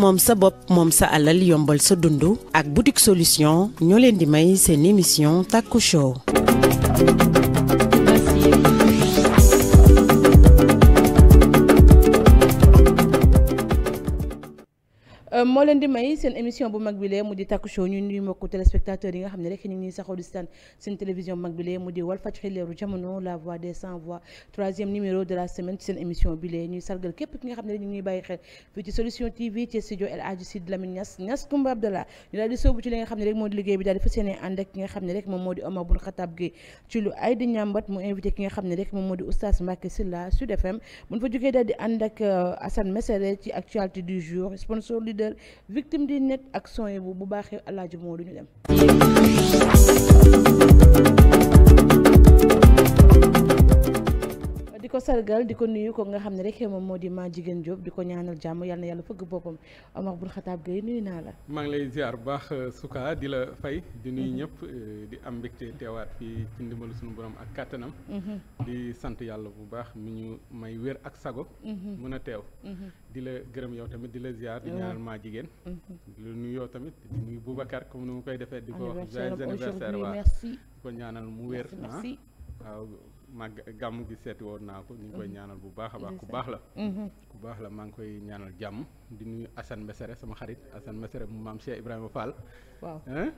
moom sa bopp moom sa alal yombal sa dund ak boutique solution ñoo leen di may seen émission Taku Show Euh, moo leen di may seen émission bu mag bi lee mu di Taku Show ñu nuyu mbokku téléspectateurs yi nga xam ne rek ñu ngi saxoo di seetaan seen télévision bu mag bi lee mu di Walfadjri leeru jamono la voix des sans voix troisième numéro de la semaine ci seen émission bi lee ñuy sargal képp ki nga xam ne rek ñu ngi bàyyi xel fii ci Solution TV ci studio El Hadji Sid Lamine Niass Niass Koumba Abdallah ñu daal di ci li nga xam ne rek moom moo di Omar Bun Khatab chroniqueur victime du net ak son bu bu baaxee alaaji moo du ñu dem ko sargal di ko nuyu ko nga xam ne rek moom moo di maa jigéen Diop di ko ñaanal jàmm yal na yàlla fëgg boppam Omar Bun Xataab Gueye nuyu naa la. maa ngi lay ziar bu baax euh, Souka di la fay di nuyu ñëpp mhm. euh, di am mbégte teewaat fii ci ndimbalu suñu mhm. bu baax mi ñu may wér ak sago. Mhm. mën a teew. di yow tamit di la ziar di ñaanal di la nuyu yow tamit di nuyu Boubacar comme ni ma koy defee. di ko wax joyeux anniversaire waaw di ko ñaanal mu wér. Ah. waaw màgg gàmm gi seeti woon naa ko ñu koy mm-hmm. ñaanal bu baax a baax ku baax la mm-hmm. ku baax la maa ngi koy ñaanal jàmm di nuyu Assane Mesere sama xarit Assane Mesere mu maam Cheikh Ibrahima Fall waaw ah?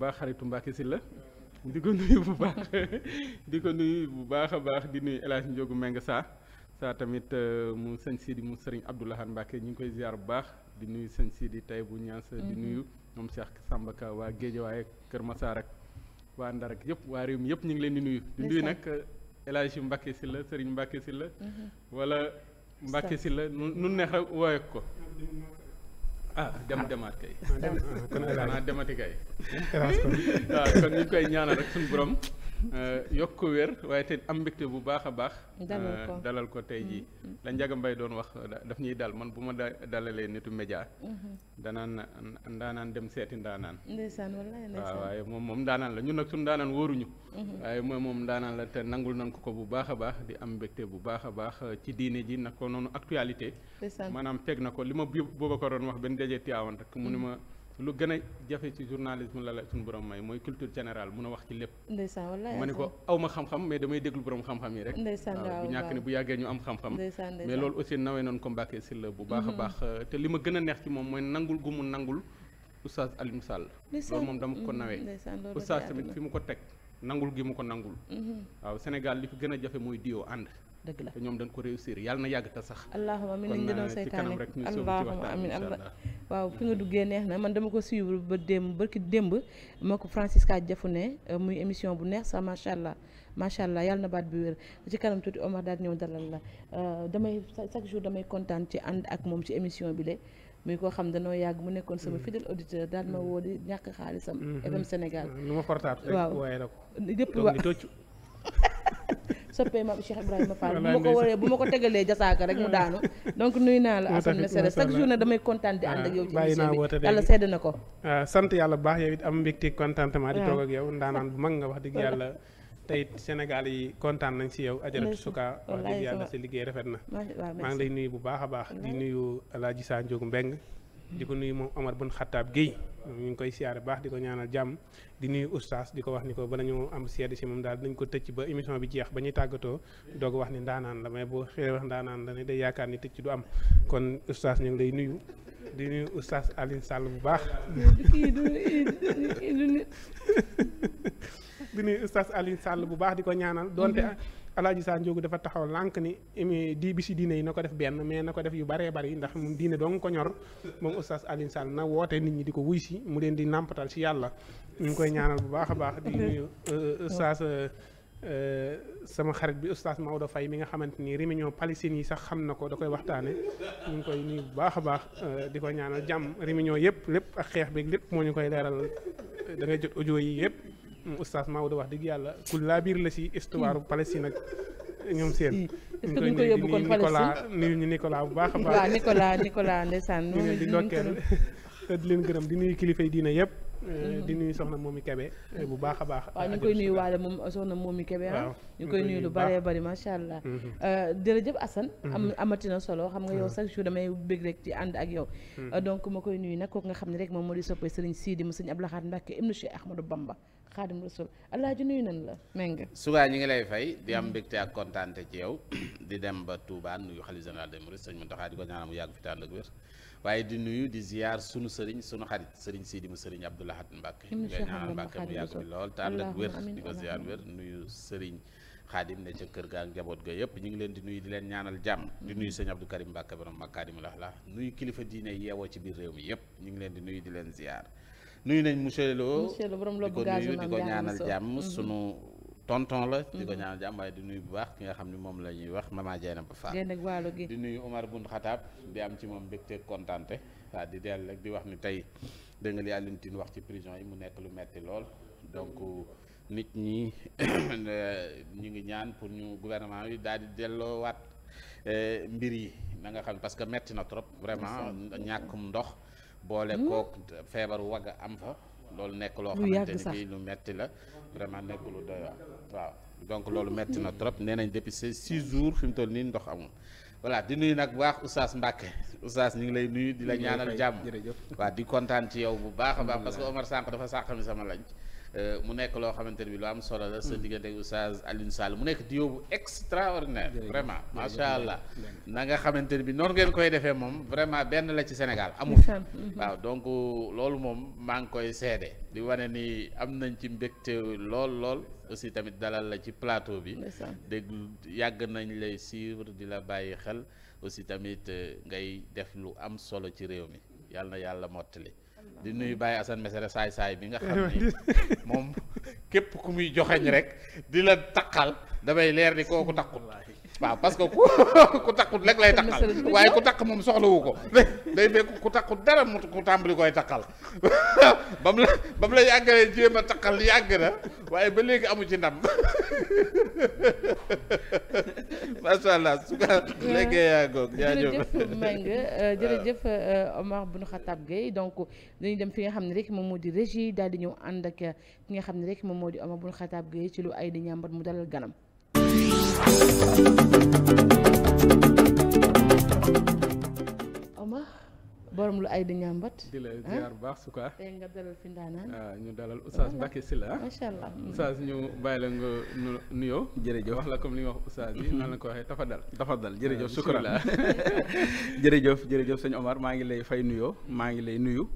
baax xaritu Mbacke Sylla di ko nuyu bu bu baax a baax di nuyu Meng saa saa tamit euh, mu sëñ Sidi mu sëriñ Abdoulahan Mbacke ñu ngi koy ziar bu baax di nuyu sëñ Sidi tey bu ñaas di mm-hmm. nuyu moom Cheikh Sambaka waa Géejawaay Kër Masaar rek waa Ndar ak yëpp waa réew mi yëpp ñu ngi leen di nuyu. di nuyu nag El Hadj Mbacke Sylla Serigne Mbacke Sylla. Mhm. wala Mbacke Sylla nu nu neex rek wooye ko. ah dem demaat kay. ah kon El Hadj kay. waaw kon ñu koy ñaanal rek suñu borom. Euh, yokk ko wér waaye te am mbégte bu baax a baax. Euh, dalal ko tey jii. Mm-hmm. Mm-hmm. la Ndiaga Mbaye doon wax daf ñuy dal man bu ma da dalalee nitu média. Mm-hmm. danaan ndaanaan dem seeti ndaanaan. ndeysaan wallaay waaye moom moom ndaanaan la ñun nag suñu ndaanaan wóoruñu. waaye mooy moom ndaanaan la te nangul nañ ko ko bu baax a baax di am mbégte bu baax a baax euh, ci diine ji nag ko noonu actualité. maanaam teg na ko li ma booba ko doon wax benn dajee Tiwaawan rek mu ni ma. lu gën a jafe ci journalisme la la suñu borom may mooy culture générale mun a wax ci lépp. ma ne ko aw ma xam-xam mais damay déglu borom xam-xam yi rek. waaw bu ñàkk ne bu yàggee ñu am xam-xam. mais loolu aussi nawee noonu ko Mbacké Sylla bu baax a mhm. baax. Euh, te li ma gën a neex ci moom mooy nangul gu mu nangul Oustaz Alioune Sall. loolu moom dama ko mhm. nawee. Oustaz tamit fi mu ko teg nangul gi mu ko nangul. Mhm. waaw Sénégal li fi gën a jafe mooy diwo ànd dëgg la te ñoom dañ ko réussir yàlla na yàgg te sax. allahumma amiin nañ doon waaw fi nga duggee neex na man dama ko suivre ba démb barki démb moo ko Francisca ne euh, muy émission bu neex sax macha allah macha allah yàlla na baat bi wér ci kanam tuuti Omar daal ñëw dalal la euh, damay chaque jour damay kontaan ci ànd ak moom ci émission bi de. muy koo xam danoo yàgg mu nekkoon sama mm. fidèle auditeur daal ma woo di ñàkk xaalisam. FM mm-hmm. Sénégal lu ma portaat rek waaye na wa sëppee ma bu ma ko waree bu ma ko tegalee jasaaka rek mu ah. daanu donc nuyu naa la Assane Mesere chaque jour nag damay kontaan di ah, ànd ak yow ci émission bi yàlla sedd na ko ah, sant yàlla bu baax yow it am mbégte contentement di toog ak yow ndaanaan bu mag nga wax dëgg yàlla tey senegal yi kontaan nañ si yow ajaratu suka wax dëgg yàlla sa liggéey rafet na maa ngi lay nuyu bu baax a baax di nuyu Alaaji Sanjog Mbeng di ko nuyu moom Omar bun Xattaab Guèye ñu ngi koy siyaare baax di ko ñaanal jàmm di nuyu oustaz di ko wax ni ko bala ñu am seede si moom daal dañ ko tëcc ba émission bi jeex ba ñuy tàggatoo doog wax ni ndaanaan la mais boo xëyee wax ndaanaan la ne day yaakaar ni tëcc du am kon oustaz ñu ngi day nuyu di nuyu oustaz Alioune Sall bu baax. di nuyu bu baax di ko ñaanal donte. Mm-hmm. alaaji saa njóogu dafa taxaw lànk ni di bi si diine yi na ko def benn mais na ko def yu baree bari ndax moom diine dong ko ñor moom oustaz Alioune Sall na woote nit ñi di ko wuy si mu leen di nàmpatal si yàlla ñu ngi koy ñaanal bu baax a baax di nuyu euh, euh, sama xarit bi oustaz Maodo Faye mi nga xamante ni réunion Palestine yi sax xam na ko da koy waxtaane ñu ngi koy nuyu bu baax a baax euh, di ko ñaanal jàmm réunion yëpp lépp ak xeex bi lépp moo ñu koy leeral da ngay jot audio yi yëpp Mm, oustaz Maodo wax dëgg yàlla ku biir la si histoire Palestine ak ñoom seen. Mm. est-ce que duñ ko yóbbu kon Palestine nuyu ñu Nicolas bu baax a baax. Nicolas Nicolas ndeysaan. ñu ngi leen leen gërëm di nuyu kilifa yi yëpp. Euh, mhm. di nuyu soxna i Kebe euh, bu baax a baax. waaw ñu koy nuyu waale moom soxna Momi Kebe ah. ñu koy lu bëree bëri macha allah. Mhm. Euh, jërëjëf Assane. Mhm. am amatina solo xam nga yow chaque jour damay bëgg rek ci ak yow. donc ma koy nuyu nag kooku nga xam ne rek moom moo di soppee Serigne Sidi mu Serigne Abdou Lahad Mbacké ibnu Cheikh Ahmadou Bamba Xaadim Rasul Alaaji nuyu nan la méng. sugaa ñi ngi lay fay di am mbégte ak kontaante ci yow di dem ba Touba nuyu xalifa général des mourides Serigne Mountakha di ko ñaanal mu yàgg fi tànd ak wér waaye di nuyu di ziar sunu sëriñ sunu xarit sëriñ di mu sëriñ Abdou Lahad Mbacke ñu ngi mu yàgg bi lool te ànd wér di ko ziar wér nuyu sëriñ xaadim ne ca kër gaa njaboot ga yëpp ñu ngi leen di nuyu di leen ñaanal jàmm di nuyu sëñ Abdou Karim Mbacke borom Makaarimul Axlaaq nuyu kilifa diine yeewoo ci biir réew mi yëpp ñu ngi leen di nuyu di leen ziar nuyu nañ monsieur Lo di ko nuyu di ko ñaanal jàmm mhm. sunu tonton la. di ko mm-hmm. ñaanal waaye di nuyu bu baax ki nga xam ne moom la ñuy wax maman Dieynaba Fall. di nuyu Omar bun Xataab di am ci moom mbégte kontaante waa di dell rek di wax ni tey dégg nga li Alioune Tine wax ci prison yi mu nekk lu metti lool donc nit ñi ñu ngi ñaan pour ñu gouvernement bi daal di delloowaat eh, mbir yi na nga xam parce que metti na trop. vraiment ñàkkum ndox. boole mm-hmm. kook feebar wagg am fa. loolu nekk loo xamante ni lu metti la. vraiment nekk lu doy waaw donc loolu metti na trop nee nañ depuis six jours fi mu toll nii ndox amul voilà di nuyu nag bu baax Oustaz Mbacke Oustaz ñu ngi lay nuyu di la ñaanal jàmm waa di kontaan ci yow bu baax a baax parce que Omar Sànq dafa sàq mi sama lañ Euh, mu nekk loo xamante ne bi lu am solo la. sa diggante ak Oustaz Alioune Sall mu nekk diwo bu extraordinaire. vraiment macha allah. na nga xamante ne bi noonu ngeen koy defee moom vraiment benn la ci Sénégal amu fi. waaw donc loolu moom maa ngi koy seede. di wane nii am nañ ci mbégte lool lool. aussi tamit dalal la ci plateau bi. dégg yàgg nañ lay suivre di la bàyyi xel. aussi tamit euh, ngay def lu am solo ci réew mi yàlla na yàlla mottali. di nuyu Baye Assane Mesere saay saay bi nga xam ni moom képp ku muy joxeñ rek di la taqal damay leer ni kooku taqut waaw parce que ku ku takkut rek lay takkal waaye ku takk moom soxlawu ko day fekk ku takkut dara mu ku tàmbali koy takkal ba mu la yàggalee jéem a takkal yàgg na waaye ba léegi amu ci ndam macha allah su ko léegi yaa goog jaajëf Mbengue euh, jërëjëf euh, Omar Bun Xatab Gueye donc dañuy dem fi nga xam ne rek moom moo di régie daal di ñëw ànd ak ki nga xam ne rek moom moo di Omar Bun Xatab Gueye ci lu ay di ñàmbat mu dalal ganam Omar borom lu ay di ñàmbat di la ah? ziar bu baax suka tey eh, nga dalal fi ndaanaan ah, ñu dalal Oustaz Mbacké Sylla macha allah Oustaz ñu bàyyi la nga nuyoo jërëjëf wax la comme li nga wax Oustaz bi nan la ko waxee tafadal tafadal jërëjëf ah, sukra la jërëjëf jërëjëf sëñ Omar maa ngi lay fay nuyoo maa ngi lay nuyu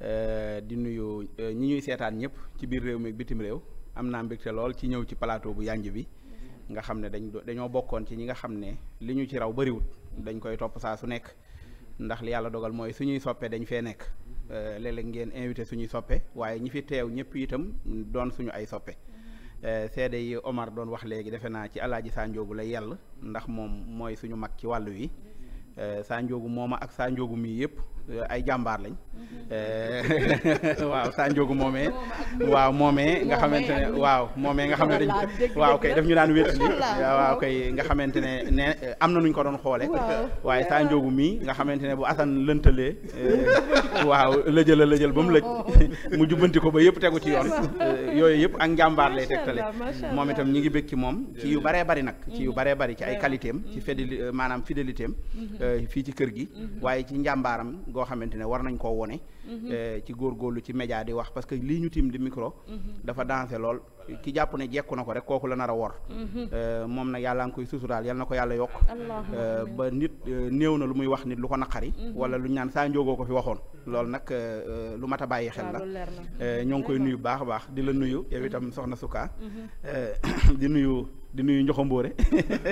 eh, di nuyu eh, ñi ñuy seetaan ñëpp ci biir réew mi bitim réew am naa mbégte lool ci ñëw ci palaato bu yanj bi nga xam ne dañ dañoo bokkoon ci ñi nga xam ne li ñu ci raw bariwut dañ koy topp saa su nekk ndax yàlla dogal mooy suñuy soppee dañ fee nekk euh, léeg-léeg ngeen invité suñuy soppee waaye ñi fi teew ñëpp itam doon suñu ay soppee euh, seede yi Omar doon wax léegi defe naa ci alaaji Sanjoogu la yell ndax moom mooy suñu mag ci wàllu wi Euh, saa njoogu mooma ak saa njoogu mii yëpp euh, ay jàmbaar lañ mm-hmm. euh, waaw saa njoogu moomee waaw moomee nga xamante ne waaw moomee nga xamante ne waaw kay daf ñu daan wétali waaw nga xamante ne ne am na nuñ ko doon xoole waaye saa njoogu mii nga xamante ne bu asan lëntalee waaw lëjël a lëjël ba mu lëj oh, oh. mu jubbanti ko ba yëpp tegu ci yoon yooyu yëpp ak njàmbaar lay tegtale moom itam ñi ngi bëgg ci moom ci yu baree bari nag ci yu baree bari ci ay qualité am ci mm-hmm. fidélité maanaam fidélité Eh, fii ci kër gi mhm. waaye ci njàmbaaram goo xamante ne war nañ koo wone mhm. eh, ci góor góorgóorlu ci média di wax parce que lii ñu tiim di micro mhm. dafa dansé lool ki jàpp ne jekku na ko rek kooku la nar a wor eh, moom nag yàlla nga koy susuraal yal na ko yàlla yokk ba nit néew na lu muy wax nit lu ko naqari wala lu ñu naan saa njóogoo ko fi waxoon loolu nag lu mat a bàyyi xel la ñoo ngi koy nuyu baax a baax di la nuyu yow itam soxna Suka di nuyu di nuyu Njoxo Mbóore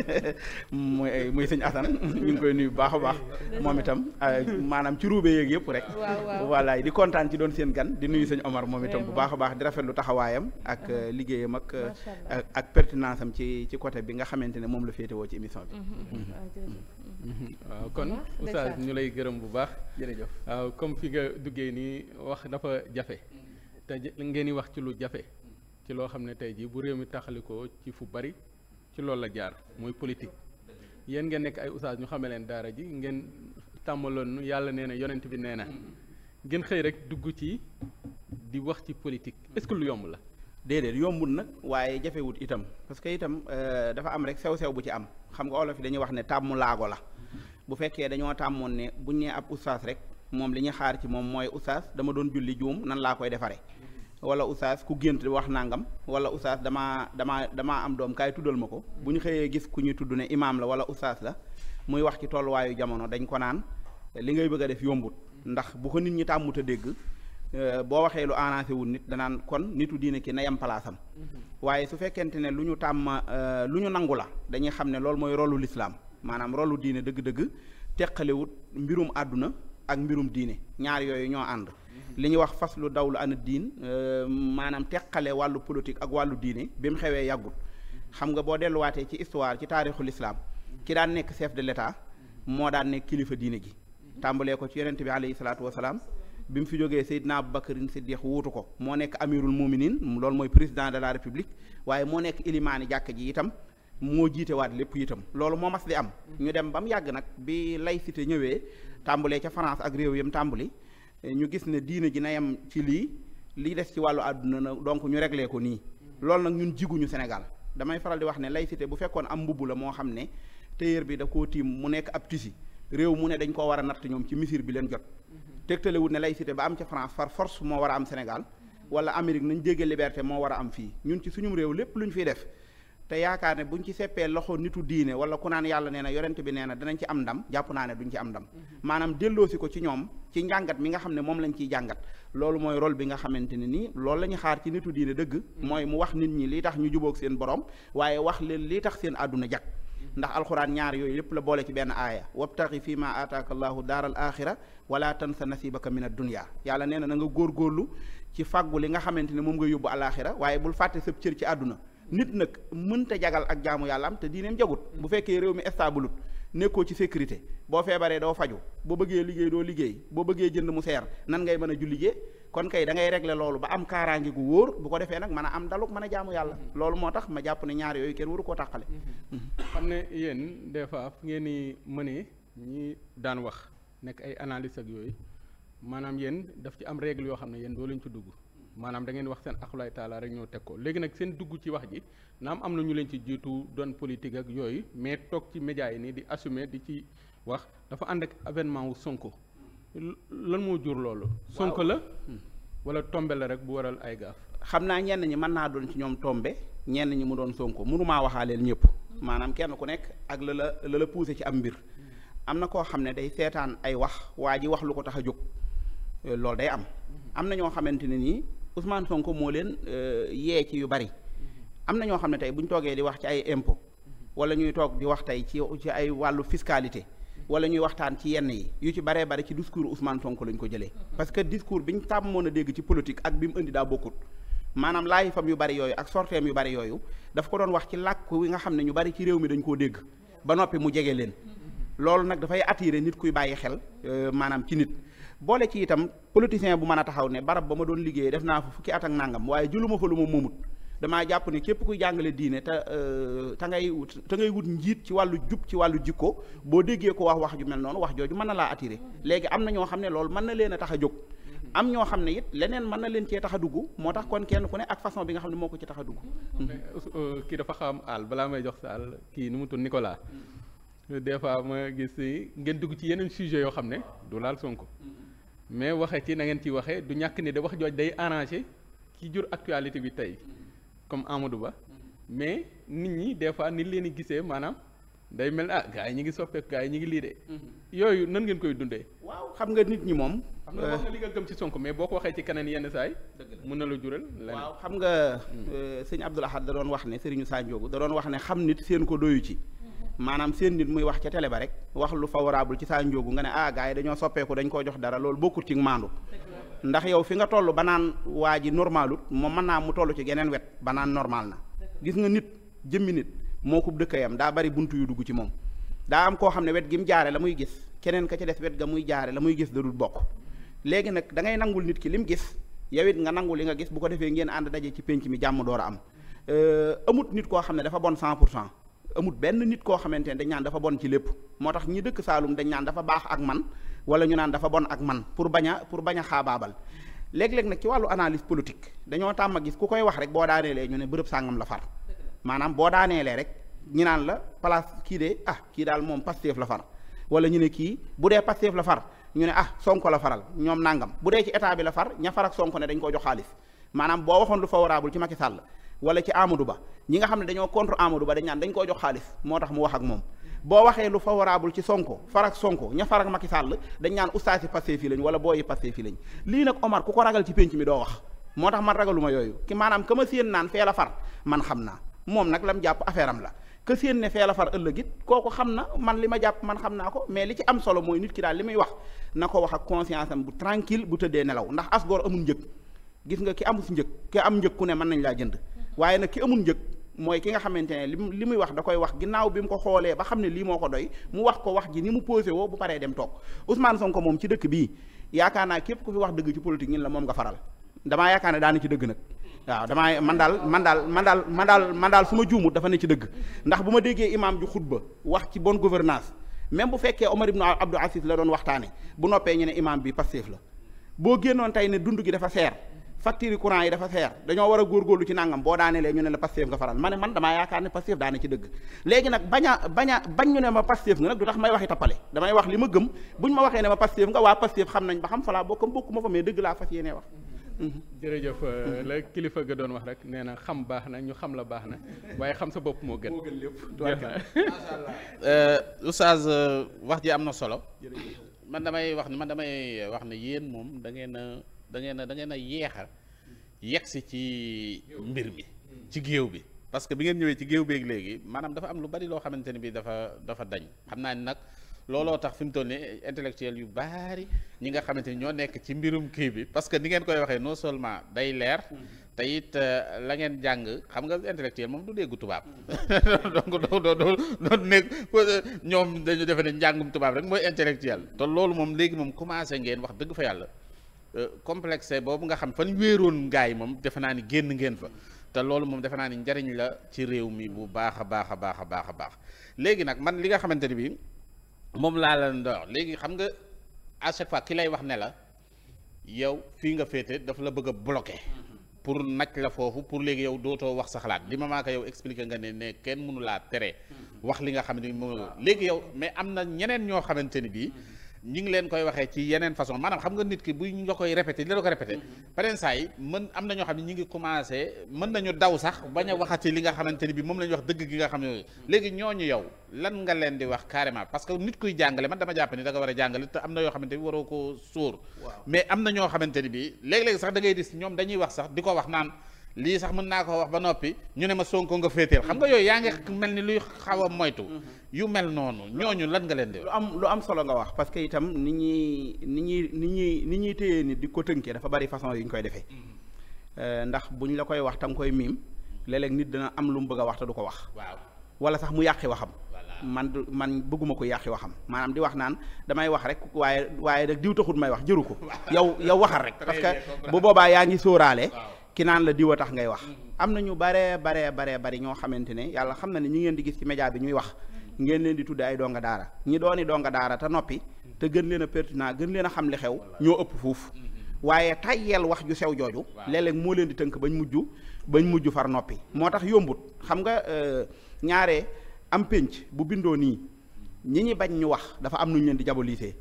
mooy eh, muy sëñ Assane ñu ngi koy nuyu baax a baax moom itam eh, maanaam ci ruube yeeg yëpp rek voilà di kontaan ci doon seen gan di nuyu sëñ Omar moom itam bu baax a baax di rafet lu taxawaayam ak eh, liggéeyam ak ak pertinence am ci ci côté bi nga xamante ne moom la féetewoo ci émission bi mm-hmm. Mm-hmm. Mm-hmm. Ah, waaw kon oustaz ñu lay gërëm bu baax jërëjëf waaw comme fi nga duggee nii wax dafa jafe te ngeen di wax ci lu jafe ci loo xam ne tey jii bu réew mi taxalikoo ci fu bari ci loolu la jaar mooy politique yéen ngeen nekk ay oustaz ñu xame leen daara ji ngeen tàmmaloon yàlla nee na yonent bi nee na ngeen xëy rek dugg ci di wax ci politique est que lu yomb la. déedéet yombul nag waaye jafewut itam parce que itam euh, dafa am rek sew-sew bu ci am xam nga olof yi dañuy wax ne tàmm laago la bu fekkee dañoo tàmmoon ne buñ nee ab oustaz rek moom li ñu xaar ci moom mooy oustaz dama doon julli juum nan laa koy defaree. wala oustaz ku gént wax nangam wala oustaz damaa damaa damaa am doom kaay tuddal ma ko bu ñu xëyee gis ku ñu tudd ne imaam la wala oustaz la muy wax ci tolluwaayu jamono dañ ko naan li ngay bëgg def yombut ndax bu ko nit ñi tàmmut a dégg euh, boo waxee lu arrangé wul nit danaan kon nitu diine ki na yem palaasam mm-hmm. waaye su fekkente ne lu ñu tàmm euh, lu ñu nangu la dañuy xam ne loolu mooy rolu lislaam maanaam rolu diine dëgg-dëgg teqalewut mbirum àdduna ak mbirum diine ñaar yooyu ñoo ànd li ñuy wax fas lu daw lu ana diin euh, maanaam teqale wàllu politique ak wàllu diine bi mu xewee yàggut xam nga boo delluwaatee ci histoire ci taarixu l'islam ki daan nekk chef de l'état moo daan nekk kilifa diine gi tàmbalee ko ci yonente bi alayhi salaatu wasalaam bi mu fi jógee Seydina Abubakarin Siddiq wuutu ko moo nekk amirul muminin lool mooy président de la république waaye moo nekk ilimaani jàkk ji itam moo jiite waat lépp itam loolu moo mas di am ñu dem ba mu yàgg nag bi laïcité ñëwee tàmbalee ca France ak réew yam tàmbali Eh, ñu gis ne diine ji na yem ci lii li des ci wàllu àdduna na donc ñu réglé ko nii loolu nag ñun jiguñu Sénégal damay faral di wax ne laïcité bu fekkoon am mbubb la moo xam ne téyeer bi da koo tiim mu nekk ab tisi réew mu ne dañ koo war a natt ñoom ci misir bi leen jot tegtalewut ne laïcité ba am ci France far force moo war a am Sénégal wala Amérique nañ jégge liberté moo war a am fii ñun ci suñum réew lépp lu ñu fiy def te yaakaar ne buñ ci seppee loxo nitu diine wala ku naan yàlla nee na yorent bi nee na danañ ci am ndam jàpp naa ne duñ ci am ndam mhm. maanaam delloosi ko ci ñoom ci njàngat mi nga xam ne moom lañ ciy jàngat loolu mooy rôle bi nga xamante ne nii lool la xaar ci nitu diine dëgg mhm. mooy mu wax nit ñi li tax ñu jubook seen borom waaye wax leen li tax seen àdduna jag mhm. ndax alxuraan ñaar yooyu yépp la boole ci benn aaya wabtaxi fi ma ataaka allahu daaral axira wala tansa nasibaka min ad dunya yàlla nee na na nga góorgóorlu ci fàggu li nga xamante ne moom nga yóbbu alaxira waaye bul fàtte sëb cër ci àdduna nit nag mënta jagal ak jaamu yàlla am te diineem jagut bu fekkee réew mi establut nekkoo ci sécurité boo feebaree doo faju boo bëggee liggéey doo liggéey boo bëggee jënd mu seer nan ngay mën a julligee kon kay da ngay régler loolu ba am kaaraange gu wóor bu ko defee nag mën a am daluk mën a jaamu yàlla loolu moo tax ma jàpp ne ñaar yooyu kenn waru koo tàqale xam ne yéen des fois fu ngeen ni mënee ñi daan wax nekk ay analyse ak yooyu maanaam yéen daf ci am règle yoo xam ne yéen doo leen ci dugg maanaam da ngeen wax seen axulaay taala rek ñoo teg ko léegi nag seen dugg ci wax ji naam am na ñu leen ci jiitu doon politique ak yooyu mais toog ci médias yi nii di assumer di ci wax dafa ànd ak avènement wu Sonko lan moo jur loolu. Sonko la wala tombe la rek bu waral ay gaaf. xam naa ñenn ñi mën naa doon ci ñoom tombe ñenn ñi mu doon Sonko mënumaa waxaaleel ñëpp maanaam kenn ku nekk ak la la la la poussé ci am mbir am na koo xam ne day seetaan ay wax waa ji wax lu ko tax a jóg loolu day am Ousmane Sonko moo leen euh, yee ci yu bari am na ñoo xam ne tey bu ñu toogee di wax ci ay impôt wala ñuy toog di wax tey ci ci ay wàllu fiscalité wala ñuy waxtaan ci yenn yi yu ci baree bare ci discours Ousmane Sonko lañ ko jëlee parce que discours bi ñu tàmmoon a dégg ci politique ak bi mu indi daa bokkut maanaam laayi fam yu bari yooyu ak sorteem yu bari yooyu daf ko doon wax ci làkk wi nga xam ne ñu bari ci réew mi dañ koo dégg ba noppi mu jege leen loolu nag dafay attirer nit kuy bàyyi xel euh, maanaam ci nit boole ci itam politicien bu mën a taxaw ne barab ba ma doon liggéey def naa fa fukki at ak nangam waaye jëluma fa lu ma moomut dama jàpp ne képp kuy jàngale diine te euh, te ngay wut te ngay wut njiit ci wàllu jub ci wàllu jikko boo déggee ko wax wax ju mel noonu wax jooju mën na laa attiré léegi am na ñoo xam ne loolu mën na leen a tax a jóg am ñoo xam ne it leneen mën na leen cee tax a dugg moo tax kon kenn ku ne ak façon bi nga xam ne moo ko ci tax a dugg. Euh, kii dafa xam àll balaa may jox sa àll kii nu mu tudd Nicolas des fois ma gis ngeen dugg ci yeneen yoo xam ne du laal Sonko. mais waxee ci nangeen ngeen ci waxee du ñàkk ne da wax jooj day arrangé ki jur actualité bi tey comme Amadou Ba mais nit ñi des fois nit leen di gisee maanaam day mel ah gars yi ñu ngi soppeeku gars yi ñu ngi lii de. Mm-hmm. yooyu nan ngeen koy dundee. waaw xam nga nit ñi moom. xam nga wax nga li nga gëm ci Sonko mais boo ko waxee ci keneen yenn saay mën na la jural waaw xam nga mm. euh, sëñ Abdoul Ahad da doon wax ne Serigne Sanjogu da doon wax ne xam nit seen ko doyu ci. maanaam seen nit muy wax ca télé ba rek wax lu favorable ci saa njóogu nga ne ah gars yi dañoo soppeeku dañ koo jox dara loolu bokkut ci maandu ndax yow fi nga toll ba naan waa ji normalut moom mën naa mu toll ci geneen wet ba naan normal na gis nga nit jëmmi nit moo ko dëkkayam daa bari bunt yu dugg ci moom daa am koo xam ne wet gi mu jaare la muy gis keneen ka ca def wet ga muy jaare la muy gis da bokk léegi nag dangay ngay nangul nit ki li mu gis yow it nga nangul li nga gis bu ko defee ngeen ànd daje ci pénc mi jàmm door am euh, amut nit koo xam ne dafa bon 100 pour cent amut benn nit koo xamante ne dañ naan dafa bon ci lépp moo tax ñi dëkk Saalum dañ naan dafa baax ak man wala ñu naan dafa bon ak man pour baña pour bañ a baabal léeg-léeg nag ci wàllu analyse politique dañoo tàmm a gis ku koy wax rek boo daaneelee ñu ne bërëb sàngam la far maanaam boo daaneelee rek ñu naan la place kii de ah kii daal moom Pastef la far wala ñu ne kii bu dee Pastef la far ñu ne ah Sonko la faral ñoom nangam bu dee ci état bi la far ña far ak ne dañ koo jox xaalis maanaam boo waxoon lu favorable ci Macky Sall wala ci Amadou Ba ñi nga xam ne dañoo contre Amadou Ba dañ naan dañ koo jox xaalis moo tax mu wax ak moom boo waxee lu favorable ci Sonko farak Sonko ña farak Macky Sall dañ naan ustaas yi passé fii lañ wala booyi passé fii lañ lii nag Omar ku ko ragal ci pénc mi doo wax moo tax man ragaluma yooyu ki maanaam ka ma séen naan fee la far man xam naa moom nag lam jàpp affaire am la que seen ne fee la far ëllëg it kooku xam na man li ma jàpp man xam naa ko mais li ci am solo mooy nit ki daal li muy wax na ko wax ak conscience am bu bu tëddee nelaw ndax asgoor amul njëg gis nga ki amul njëg ki am njëg ne mën nañ laa jënd waaye nag ki amul njëg mooy ki nga xamante ne lim li muy wax da koy wax ginnaaw bi mu ko xoolee ba xam ne lii moo ko doy mu wax ko wax ji ni mu posé woo bu paree dem toog Ousmane Sonko moom ci dëkk bii yaakaar naa képp ku fi wax dëgg ci politique ñun la moom nga faral damaa yaakaar ne daana ci dëgg nag. waaw damaa man daal man daal man daal man daal man daal su ma juumut dafa ne ci dëgg ndax bu ma déggee imaam ju xutba wax ci bonne gouvernance même bu fekkee Omar ibn Abdou Aziz la doon waxtaane bu noppee ñu ne imaam bi Pastef la boo génnoon tey ne dund gi dafa seer facture yi courant yi dafa seer dañoo war a góorgóorlu ci nangam boo daanelee ñu ne la Pastef nga faral ma man a a bañ damay wax li ma gëm buñ ma waxee ne ma Pastef nga waa Pastef mhm. jërëjëf euh, mhm. la kilifa ga doon wax rek nee na xam baax na ñu xam la baax na waaye xam sa bopp moo gën moo gën euh, euh, wax ji am na solo man damay wax ni man damay wax ne yéen moom da ngeen da ngeen a a yeex a yegsi ci mbir mi ci géew bi parce que bi ngeen ñëwee ci géew beeg léegi maanaam dafa am lu bari loo xamante ni bi dafa dafa dañ xam naa ni nag looloo tax fi mu toll nii intellectuel yu baari ñi nga xamante ni ñoo nekk ci mbirum kii bi parce que ni ngeen koy waxee non seulement day leer te it euh, la ngeen jàng xam nga intellectuel moom du déggu tubaab donc doo doo doo doo nekk ñoom dañu defe ne njàngum tubaab rek mooy intellectuel te loolu moom léegi moom commencé ngeen wax dëgg fa yàlla Euh, complexe boobu nga xam fan wéeroon ngaay moom defe naa ni génn ngeen fa te loolu moom defe naa ni njariñ la ci réew mi bu baax a baax a baax a baax a baax léegi nag man li nga xamante ni bi moom laa la doon léegi xam nga à chaque fois ki lay wax ne la yow fii nga féete dafa la bëgg a mm-hmm. pour nag la foofu pour léegi yow dootoo wax sa xalaat li ma maa yow expliqué nga ne ne kenn mënu laa tere mm-hmm. wax li nga xam ne moom léegi yow mais am na ñeneen ñoo xamante ñu ngi leen koy waxee ci yeneen façon maanaam xam nga nit ki bu ñu la koy répété di la ko répété beneen saa yi mën am na ñoo xam ne ñi ngi commencé mën nañu daw sax bañ a waxati li nga xamante ni bi moom la ñu wax dëgg gi nga xam ne léegi ñooñu yow lan nga leen di wax carrément parce que nit kuy jàngale man dama jàpp ni da war a jàngale te am na yoo xamante bi waroo ko sóor mais am na ñoo xamante ni bi léegi-léegi sax da ngay gis ñoom dañuy wax sax di ko wax naan lii sax mën naa koo wax ba noppi ñu ne ma Sonko nga féeteel xam nga yooyu yaa ngi mel ni luy xaw a moytu. yu mel noonu ñooñu lan nga leen de lu am lu am solo nga wax parce que itam ni ñuy ni ñuy ni ñuy ni ñuy téye ni di ko tënkee dafa bari façon yu ñu koy defee. Euh, ndax bu ñu la koy wax tam koy miim léeg nit dana am lu mu bëgga a wax te du ko wax. waaw wala sax mu yàqi waxam. man du man bëgguma ko yàqi waxam maanaam di wax naan damay wax rek waaye waaye rek diw taxut may wax jëru ko yow yow waxal boobaa yaa ngi sóoraale ki naan la diwa tax ngay wax am na ñu baree baree baree bari ñoo xamante ne yàlla xam na ne ñu ngeen di gis ci média bi ñuy wax ngeen leen di tudde ay donga daara ñi dooni donga daara te noppi te gën leen a pertinent gën leen a xam li xew ñoo ëpp fuuf waaye tayyeel wax ju sew jooju léeg moo leen di tënk bañ mujj bañ mujj far noppi moo tax yombut xam nga euh, ñaare am pénc bu bindoo nii ñi ñi bañ ñu wax dafa am nuñ leen di jaboliser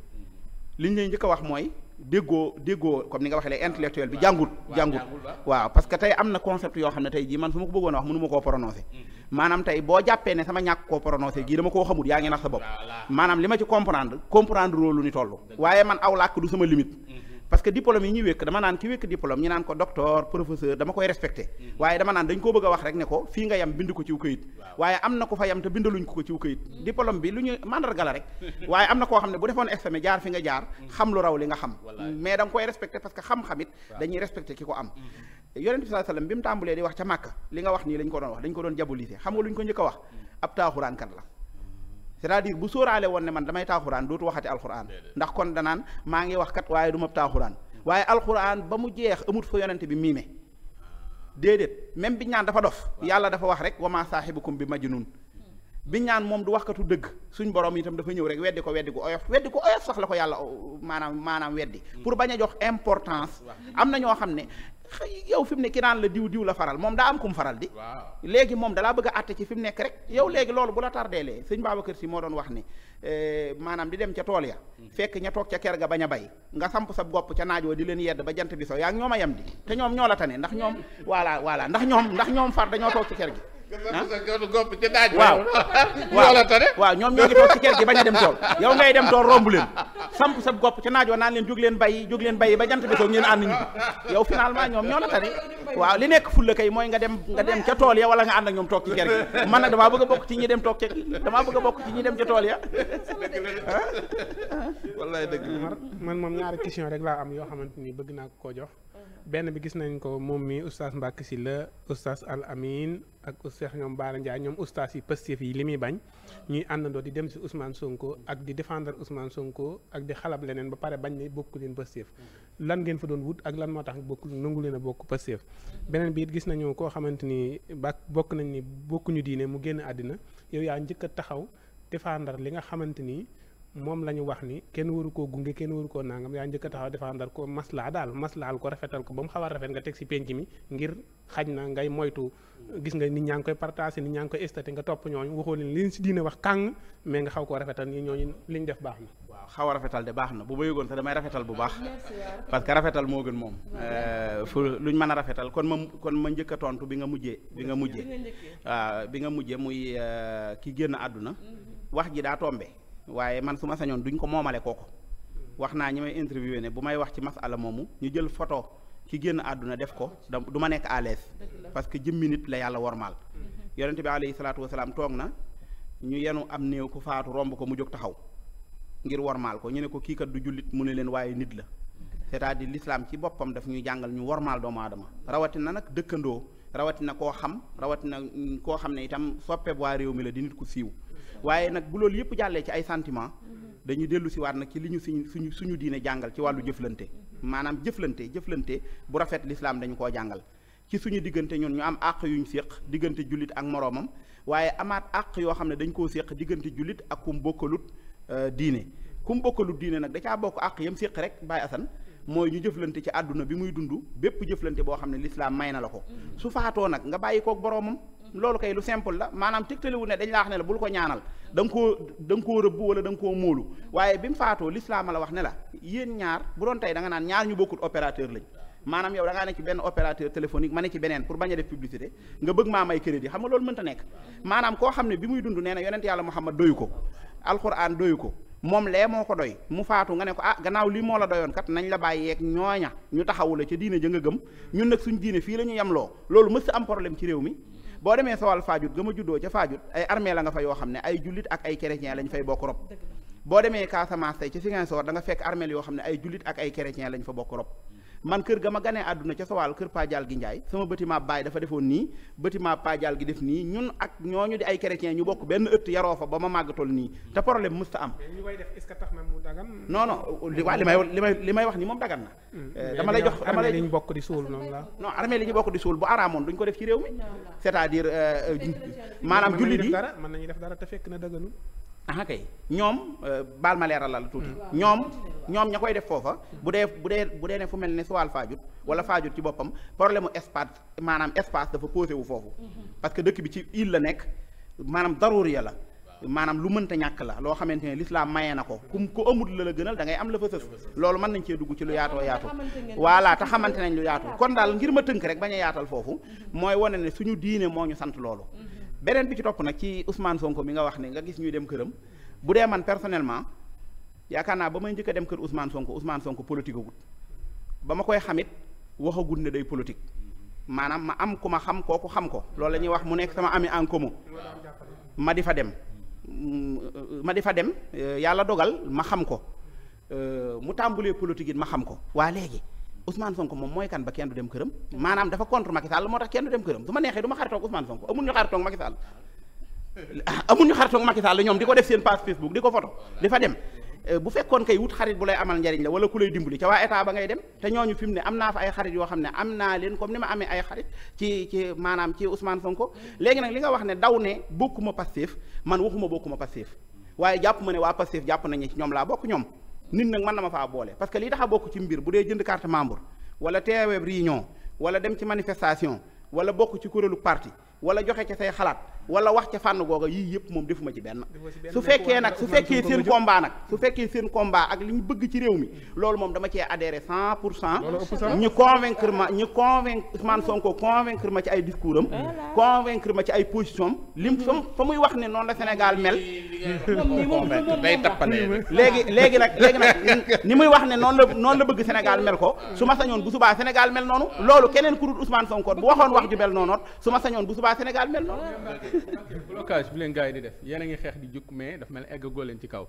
liñ leen njëkk a wax mooy déggoo déggoo comme ni nga waxee intellectuel bi jàngut jàngut waaw parce que tey am na concept yoo xam ne tey jii man su ma ko bëggoon a wax mënu ma koo prononcé mm-hmm. maanaam tey boo jàppee ne sama ñàkk koo prononcé gii dama koo xamul yaa ngi nax sa bopp maanaam li ma ci comprendre comprendre loolu ni toll waaye man aw làkk du sama limite mm-hmm. parce que diplôme yi ñuy wékk dama naan ki wékk diplôme ñu naan ko docteur professeur dama koy respecté mm-hmm. waaye dama naan dañ koo bëgg a wax rek ne ko fii nga yam bind ko ciw këyit waaye am na ko fa yam te bindaluñ ko ko ciw këyit mm-hmm. diplôme bi lu ñu mandarga rek waaye am na koo xam ne bu defoon examen jaar fi nga jaar mm-hmm. xam lu raw li nga xam mais da koy respecté parce que xam-xamit dañuy respecté ki ko am yonent bi sallallahu alayhi bi mu tàmbulee di wax ca li nga wax nii lañ ko doon wax dañ ko doon diaboliser xam nga luñ ko a wax ab taaxuraankat c'est-à-dire bu sóoraale woon ne man damay taaxuraan dootu waxati alxuraan ndax kon danaan maa ngi wax kat waaye du ma taaxuraan waaye alxuraan ba mu jeex amut fa yonent bi miime déedéet même bi naan dafa dof yàlla dafa wax rek wama saaxibukum bi majnun bi naan moom du wax katu dëgg suñ borom itam dafa ñëw rek weddi ko weddi ko oyof weddi ko oyof sax la ko yàlla maanaam maanaam weddi hmm. pour bañ a jox importance am na ñoo xam ne yow fi mu ne ki naan la diw diw la faral moom daa am kum faral di léegi moom dalaa bëgg a àtte ci fi mu nekk rek yow léegi loolu bu la tardeelee sëñ Babacar Si moo doon wax ni eh, maanaam di dem ca tool ya mm-hmm. fekk ña toog ca ker ga bañ a bay nga samp sa gopp ca naaj wa di leen yedd ba jant bi so yaa ngi ñoom a yem di te ñoom ñoo la tane ndax ñoom mm-hmm. voilà voilà ndax ñoom ndax ñoom far dañoo toog ci ker gi waaw waaw ñoom ñoo ngi toog ci kër gi ba ñu dem tool yow ngay dem tool romb leen samp sa gopp ca naaj naan leen jóg leen bayyi jóg leen bayyi ba jant be soo ngeen ànd ñibbi yow finalement ñoom ñoo la tane waaw li nekk fulla kay mooy nga dem nga dem ca tool ya wala nga ànd ak ñoom toog ci kër gi man nag damaa bëgg a bokk ci ñi dem toog ca damaa bëgg a bokk ci ñi dem ca tool ya man moom ñaari question rek laa am yoo xamant ni bëgg naa ko koo jox benn bi gis nañ ko moom mi oustaz si Sylla oustaz Al Amin ak oustaz ñoom Baara Ndiaye ñoom oustaz yi Pastef yi li muy bañ ñuy àndandoo di dem si usmaan Sonko ak di défendre Ousmane Sonko ak di xalab leneen ba pare bañ ne bokku leen Pastef lan ngeen fa doon wut ak lan moo tax bokk nangu leen bokk Pastef beneen bi gis nañu koo xamante ni ba bokk nañ ni bokkuñu diine mu génn àddina yow yaa njëkk a taxaw défendre li nga xamante ni moom la ñu wax ni kenn waru koo gunge kenn waru koo nangam yaa njëkk a taxaw défendre ko maslaa daal maslaal ko rafetal ko ba mu xaw a rafet nga teg si penc mi ngir xaj na ngay moytu gis nga nit ñaa ngi koy partagé nit ñaa ngi koy estaté nga topp ñooñu waxoo leen leen si diine wax kàng mais nga xaw ko rafetal ni ñooñu li ñu def baax na. waaw xaw a rafetal de baax na bu ma yëgoon te damay rafetal bu baax parce que rafetal moo gën moom euh, fu lu luñ mën a rafetal kon ma kon ma njëkk a tontu bi nga mujjee bi nga mujjee waaw bi nga mujjee muy euh, ki génn àdduna mm-hmm. wax ji daa tombe waaye man su ma sañoon duñ ko moomale kooku wax naa ñi may interviewé ne bu may wax ci masala moomu ñu jël foto ki génn àdduna def ko da duma nekk à l'aise parce que jëmmi nit la yàlla wormaal yonente bi alayhi salaatu wasalaam toog na ñu yenu am néew ku faatu romb ko mu jóg taxaw ngir wormaal ko ñu ne ko kii kat du jullit mu ne leen waaye nit la c'est-à-dire ci boppam daf ñuy jàngal ñu wormaal doomu aadama rawatina nag dëkkandoo rawatina koo xam rawatina koo xam ne itam soppe waa réew mi la di nit siiw waaye nag bu loolu yëpp jàllee ci ay sentiment dañuy dellu si waat nag ci li ñu suñu suñu suñu diine jàngal ci wàllu jëflante maanaam jëflante jëflante bu rafet lislaam dañu koo jàngal ci suñu diggante ñun ñu am àq yuñ séq diggante jullit ak moroomam waaye amaat àq yoo xam ne dañ koo séq diggante jullit ak kum bokkalut euh, diine kum diine nag da caa bokk àq yam séq rek bàyyi Assane mooy ñu jëflante ci àdduna bi muy dund bépp jëflante boo xam ne lislaam may na la ko mm-hmm. su faatoo nag nga bàyyi koog boroomam loolu kay lu simple la maanaam tegtaliwul ne dañ laa wax ne la bul ko ñaanal da nga koo da nga koo rëbb wala da ko koo móolu waaye bi mu faatoo lislaama la wax ne la yéen ñaar bu doon tey da nga naan ñaar ñu bokkut opérateur lañ maanaam yow da ne ci benn opérateur téléphonique ma ne ci beneen pour bañ a def publicité nga bëgg maa may crédit xam nga loolu mënta nekk maanaam koo xam ne bi muy dund nee na yonent yàlla Muhammad doyu ko alquran doyu ko moom lee moo ko doy mu faatu nga ne ko ah gannaaw lii moo la doyoon kat nañ la bàyyi yeeg ñooña ñu taxawu la ca diine nga gëm ñun nag suñ diine fii la ñu yemloo loolu mës ci réew mi boo demee sowal faajut ga ma juddoo ca faajut ay armée a nga fa yoo xam ne ay jullit ak ay chrétien lañ fay bokk rob boo demee Casamance tey ca Ziguinchor da nga fekk armée yoo xam ne ay jullit ak ay chrétien lañ fa bokk rob man kër ga ma gane àdduna ca Sowal kër Padial gi Ndiaye sama bâtiment baay dafa defoon nii bâtiment Padial gi def nii ñun ak ñoo ñu di ay chrétien ñu bokk benn ëtt yaroo fa ba ma màggatol nii te problème mës am. ñu koy def est ce que tax na mu li waa li may li may wax ni moom dagan na. Hmm. Eh, dama lay jox dama li ñu bokk di suul noonu la. non armée li ñu bokk di suul bu araamoon duñ ko def ci réew mi. c' est à dire maanaam jullit yi mën nañu def dara te fekk na daganul aha kay ñoom euh, baal ma leeralal la tuuti mm. ñoom ñoom ña koy def foofa bu dee bu dee bu dee ne fu mel ne suwaal faajut wala faajut ci boppam problème mu maanaam espace dafa posé wu foofu mm-hmm. parce que dëkk bi ci île la nekk maanaam daruriya la maanaam lu mënta ñàkk la loo xamante ne lislaam mayee na ko kum ko amut la gënal da am la fa sës loolu mën nañ cee dugg ci lu yaatoo yaatu voilà te xamante nañ lu yaatu kon daal ngir ma tënk rek bañ yaatal foofu mm-hmm. mooy wane ne suñu diine moo ñu sant loolu mm-hmm. beneen bi ci topp nag ci Ousmane Sonko mi nga wax ne nga gis ñuy dem këram bu dee man personnellement yaakaar naa ba may njëkk a dem kër Ousmane Sonko Ousmane Sonko politique agut ba ma koy xamit waxagut na day politique maanaam ma am ku ma xam kooku xam ko loolu la ñuy wax mu nekk sama ami en ma di fa dem mm, ma di fa dem yàlla dogal ma xam ko euh, mu tàmbulee politique it ma xam ko waa léegi Ousmane Sonko moom mooy kan ba kenn du dem këram maanaam dafa contre Macky Sall moo tax kenn du dem këram su ma neexee du ma xaritoog Sonko amul ñu xaritoog Macky Sall ñoom di ko def seen page Facebook di ko photo di fa dem eh, bu fekkoon kay wut xarit bu lay amal njariñ la wala ku lay dimbali ca waa état ba ngay dem te ñooñu fi ne am naa fa ay xarit yoo xam ne am naa leen comme ni ma amee ay xarit ci ci maanaam ci Ousmane Sonko léegi nag li nga wax ne daw ne bokkuma Pastef man waxuma bokkuma Pastef waaye jàpp ma ne waa Pastef jàpp nañu ci ñoom laa bokk nit nag mën na ma faa boole parce que li tax bokk ci mbir bu dee jënd carte membre wala teeweeb réunion wala dem ci manifestation wala bokk ci kuréelu parti wala joxe ca say xalaat wala wax ca fànn googa yii yëpp moom defuma ci benn su fekkee nag su fekkee seen combat nag su fekkee seen combat ak li ñu bëgg ci réew mi loolu moom dama cee adhéré cent pour cent ñu convaincre ma ñu convaincre Ousmane Sonko convaincre ma ci ay discours am convaincre ma ci ay position am lim fam fa muy wax ne noonu la Sénégal mel léegi léegi nag léegi nag ni muy wax ne noonu la noonu la bëgg Sénégal mel ko su ma sañoon bu subaa Sénégal mel noonu loolu keneen ku dul Ousmane Sonko bu waxoon wax ju mel noonoot su ma sañoon bu subaa débat Sénégal mel noonu. blocage bi yi di def yéen a ngi xeex di jukk mais daf mel ni eggagoo leen ci kaw.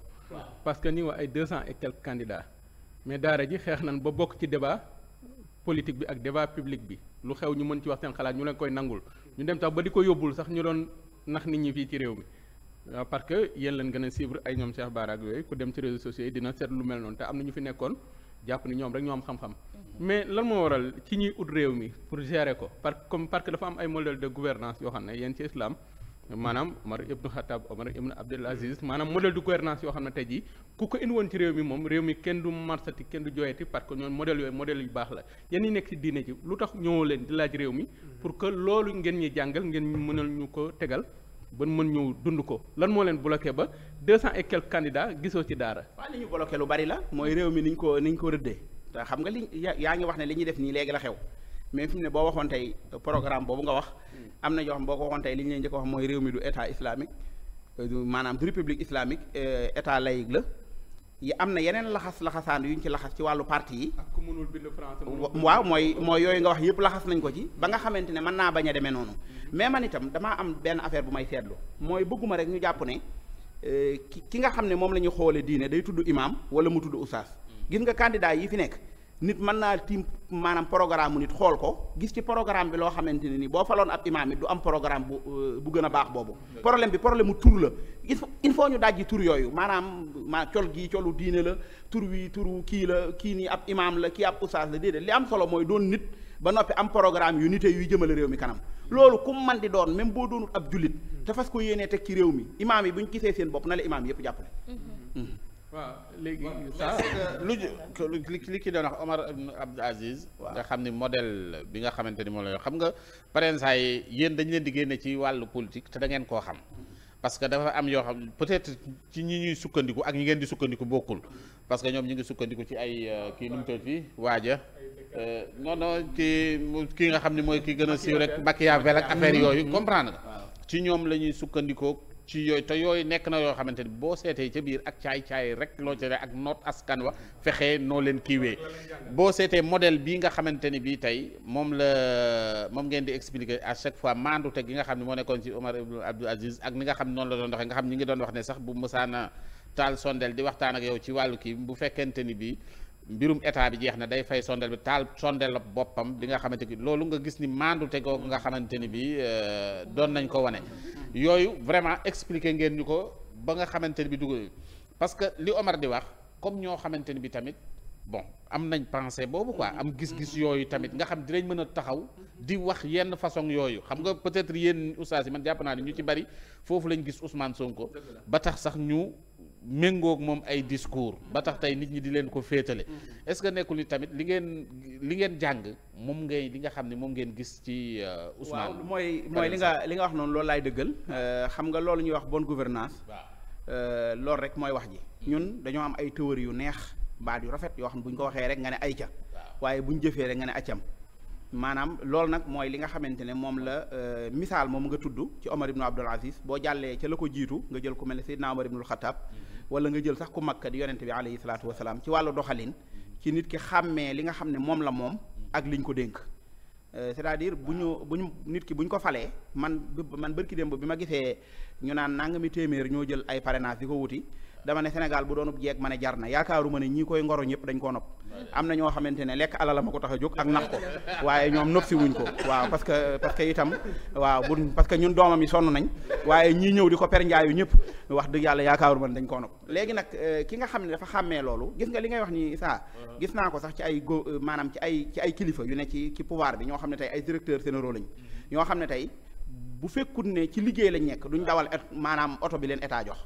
parce que ñu wax ay deux cent et quelques candidats mais daara xeex nan ba bokk ci débat politique bi ak débat public bi lu xew ñu mën ci wax seen ñu leen koy ñu dem tax ba di ko yóbbul sax ñu doon nax nit ñi fii ci réew mi. waaw euh, parce que yéen leen gën a suivre ay ñoom Cheikh Bara ak yooyu ku dem ci réseaux sociaux dina seet lu mel noonu te am na ñu fi nekkoon. jàpp ni ñoom rek ñoo am xam-xam mais lan moo waral ci ñuy ut réew mi pour gérer ko par comme parce dafa am ay modèle de gouvernance yoo xam ne yéen ci islam maanaam Omar ibnu Khattab Omar ibnu Abdul Aziz maanaam modèle de gouvernance yoo xam ne tey jii ku ko indi woon ci réew mi moom réew mi kenn du marsati kenn du joyeti parce que ñoom yooyu modèle yu baax la yéen ñi nekk ci diine ji lu tax ñëwoo leen di laaj réew mi pour que loolu ngeen ñuy jàngal ngeen ñu mënal ñu ba mën ñëw dund ko lan moo leen bloqué ba deux cent et quelques candidats gisoo ci daara. waaw li ñu bloqué lu bari la mooy réew mi ni ñu ko ni ñu ko rëddee te xam nga li yaa ngi wax ne li ñuy def nii léegi la xew mais fi mu ne boo waxoon tey programme boobu nga wax. am na yoo xam boo ko waxoon tey li ñu leen njëkk a wax mooy réew mi du état islamique euh, maanaam du république islamique euh, état laïque la. yi am na yeneen laxas laxasaan yu ñu ci laxas ci wàllu parti yi. ku mënul bind français waaw mooy mooy yooyu nga wax yëpp laxas nañ ko ci ba nga xamante ne mën naa bañ a demee noonu. mais man itam damaa am benn affaire bu may seetlu mooy bëgguma rek ñu jàpp ne euh, ki ki nga xam ne moom la ñu xoolee diine day tudd imaam wala mu tudd oustaz. Hmm. gis nga candidat yi fi nekk nit mën naa tiim maanaam programme mu nit xool ko gis ci programme bi loo xamante ne ni boo faloon ab imaam it du am programme bu euh, bu gën a baax boobu problème bi problème mu tur la il faut ñu dajji tur yooyu maanaam maa col gi colu diine la tur wi tur wu kii la kii nii ab imaam la kii ab oustaz la déedéet li am solo mooy doon nit ba noppi am programme yu nite yuy jëmale réew mi kanam loolu ku man di doon même boo doonul ab jullit te fas ko yéenee teg ci réew mi imaam yi bu ñu seen bopp na la imaam yépp waaw léegi lu li ki doon wax Omar Abdou Aziz nga xam ni modèle bi nga xamante ni moom la yoo xam nga parents yi yéen dañ leen di génne ci wàllu politique te da ngeen koo xam parce que dafa am yoo xam peut-être ci ñi ñuy sukkandiku ak ñu ngeen di sukkandiku bokkul parce que ñoom ñu ngi sukkandiku ci ay euh, kii nu mu tëdd fii waaja euh, non non ci kii nga xam ni mooy ki gën a siiw rek Machiavel ak affaire yooyu comprendre ci ñoom la ñuy sukkandikoo ci yooyu te yooyu nekk na yoo xamante ni boo seetee ca biir ak caay-caay rek loo jëlee ak noot askan wa fexe noo leen kiiwee boo seetee model bii nga xamante ni bii tey moom la moom ngeen di expliquer à chaque fois maandu teg gi nga xam ne moo nekkoon ci Omar Ibn Abdou Aziz ak ni nga xam noonu la doon doxee nga xam ñi ngi doon wax ne sax bu mësaana taal sondel di waxtaan ak yow ci wàllu kii bu fekkente ni bii mbirum état bi jeex na day fay sondel bi taal sondel boppam bi nga xamante ni loolu nga gis ni maandu te googu nga xamante ni bi euh, doon nañ ko wane yooyu vraiment expliqué ngeen ñu ko ba nga xamante ni bi dugg parce que li Omar wax comme ñoo xamante ni bi tamit bon am nañ pensée boobu quoi am gis-gis yooyu tamit nga xam dinañ mën a taxaw di wax yenn façon yooyu xam nga peut-être yéen oustaz yi man jàpp naa ne ñu ci bari foofu lañ gis Ousmane Sonko ba tax sax ñu méngoog moom ay discours ba tax tey nit ñi di leen ko féetale est-ce que nekkul ni tamit li ngeen li ngeen jàng moom ngay li nga xam ne moom ngeen gis ci euh, Ousmane mooy mooy li nga li nga wax noonu loolu laay dëggal euh, xam nga loolu ñuy wax bonne gouvernance euh, loolu rek mooy wax ji ñun dañoo am ay théorie yu neex baat yu rafet yoo xam ne bu ko waxee rek nga ne ay ca waaye bu ñu jëfee rek nga ne acam maanaam loolu nag mooy li nga xamante ne moom la misaal moom nga tudd ci Omar ibnu Abdul Aziz boo jàllee ca la ko jiitu nga jël ku ne Seydina Omar ibnul Xataab hmm. wala nga jël sax ku makkat yonent bi alayhi salaatu wasalaam ci wàllu doxalin ci nit ki xàmmee li nga xam ne moom la moom ak liñ ko dénk euh, c'est-à-dire bu ñu bu ñu nit ki bu ñu ko falee man man bërki démb bi ma gisee ñu naan nangami téeméer ñoo jël ay parrainage yi ko wuti dama ne Sénégal bu doon jeeg ma ne jar na yaakaaru ma ne ñii koy ngoro ñëpp dañ koo nopp am na ñoo xamante ne lekk alala ma ko tax a jóg ak nax ko waaye ñoom nopp si wuñ ko waaw parce que parce que itam waaw bu parce que ñun doomam yi sonn nañ waaye ñii ñëw di ko per njaayu ñëpp wax dëgg yàlla yaakaaru ma ne dañ koo nopp léegi nag euh, ki nga xam ne dafa xàmmee loolu gis nga li ngay wax ni saa gis naa ko sax ci ay go euh, maanaam ci ay ci ay kilifa yu ne ci ci pouvoir bi ñoo xam ne tey ay directeurs généraux lañ ñoo xam ne tey bu fekkut ne ci liggéey lañ nekk duñ dawal maanaam oto bi leen état jox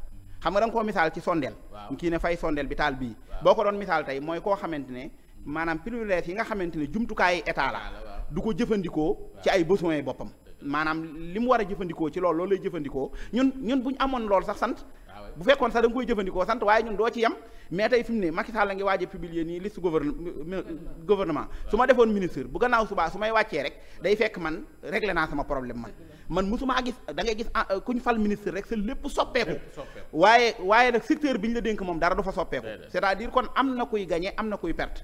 xam nga da nga koo misaal ci sondeel kii ne fay sondeel bi taal bii boo ko doon misaal tey mooy koo xamante ne maanaam privilège yi nga xamante ne jumtukaayi état la du ko jëfandikoo ci ay besoins boppam maanaam li mu war a jëfandikoo ci lool loolu lay jëfandikoo ñun ñun bu ñu amoon lool sax sant ah bu fekkoon sax da koy jëfandikoo sant waaye ñun doo ci yem mais tey fi mu ne Macky Sall la ngi waaj a publier nii liste gouverne gouvernement su ma defoon ministre bu gannaaw subaa su may wàccee rek day fekk man réglé naa sama problème man man mosumaa gis da ngay gis ah, euh, ku ñu fal ministre rek sa lépp soppeeku waaye waaye nag secteur bi ñu la dénk moom dara du fa soppeeku cest kon am na kuy gagné am na kuy perte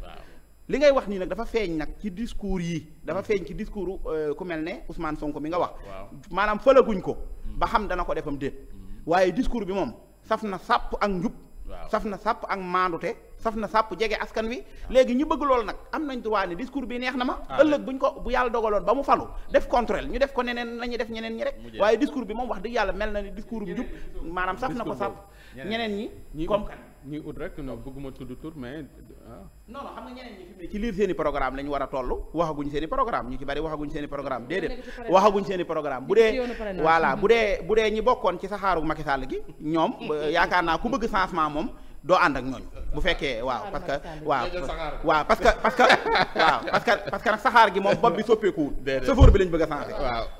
li ngay wax nii nag dafa feeñ nag ci discours yi dafa feeñ ci discours euh, ku mel ne Ousmane Sonko mi nga wax maanaam fëlaguñ ko ba xam dana ko defam déet mm-hmm. waaye discours bi moom saf na sàpp ak njub saf na sàpp ak maandute saf na sàpp jege askan wi léegi ñu bëgg loolu nag am nañ droit ne discours bi neex na ma ah. ëllëg buñ ko bu yàlla dogaloon ba mu falu def contrôle ñu def ko neneen la ñuy def ñeneen ñi rek waaye discours bi moom wax dëgg yàlla mel na ni discours njub maanaam saf na ko sàpp ñeneen ñi comme ñuy ut rek non bëgguma tudd tur mais ah. non non xam nga ñeneen ñi fi ci liir seen i programme la ñu war a toll waxaguñ seen i ñu ci bari waxaguñ seeni i programme déedéet waxaguñ seeni i bu dee voilà bu dee bu dee ñi bokkoon ci saxaaru Macky Sall gi ñoom yaakaar naa ku bëgg changement moom doo ànd ak ñooñu bu fekkee waaw parce que waaw waaw parce que parce que waaw parce que parce nag saxaar gi moom bopp bi soppeekuwul chauffeur bi lañ bëgg a changé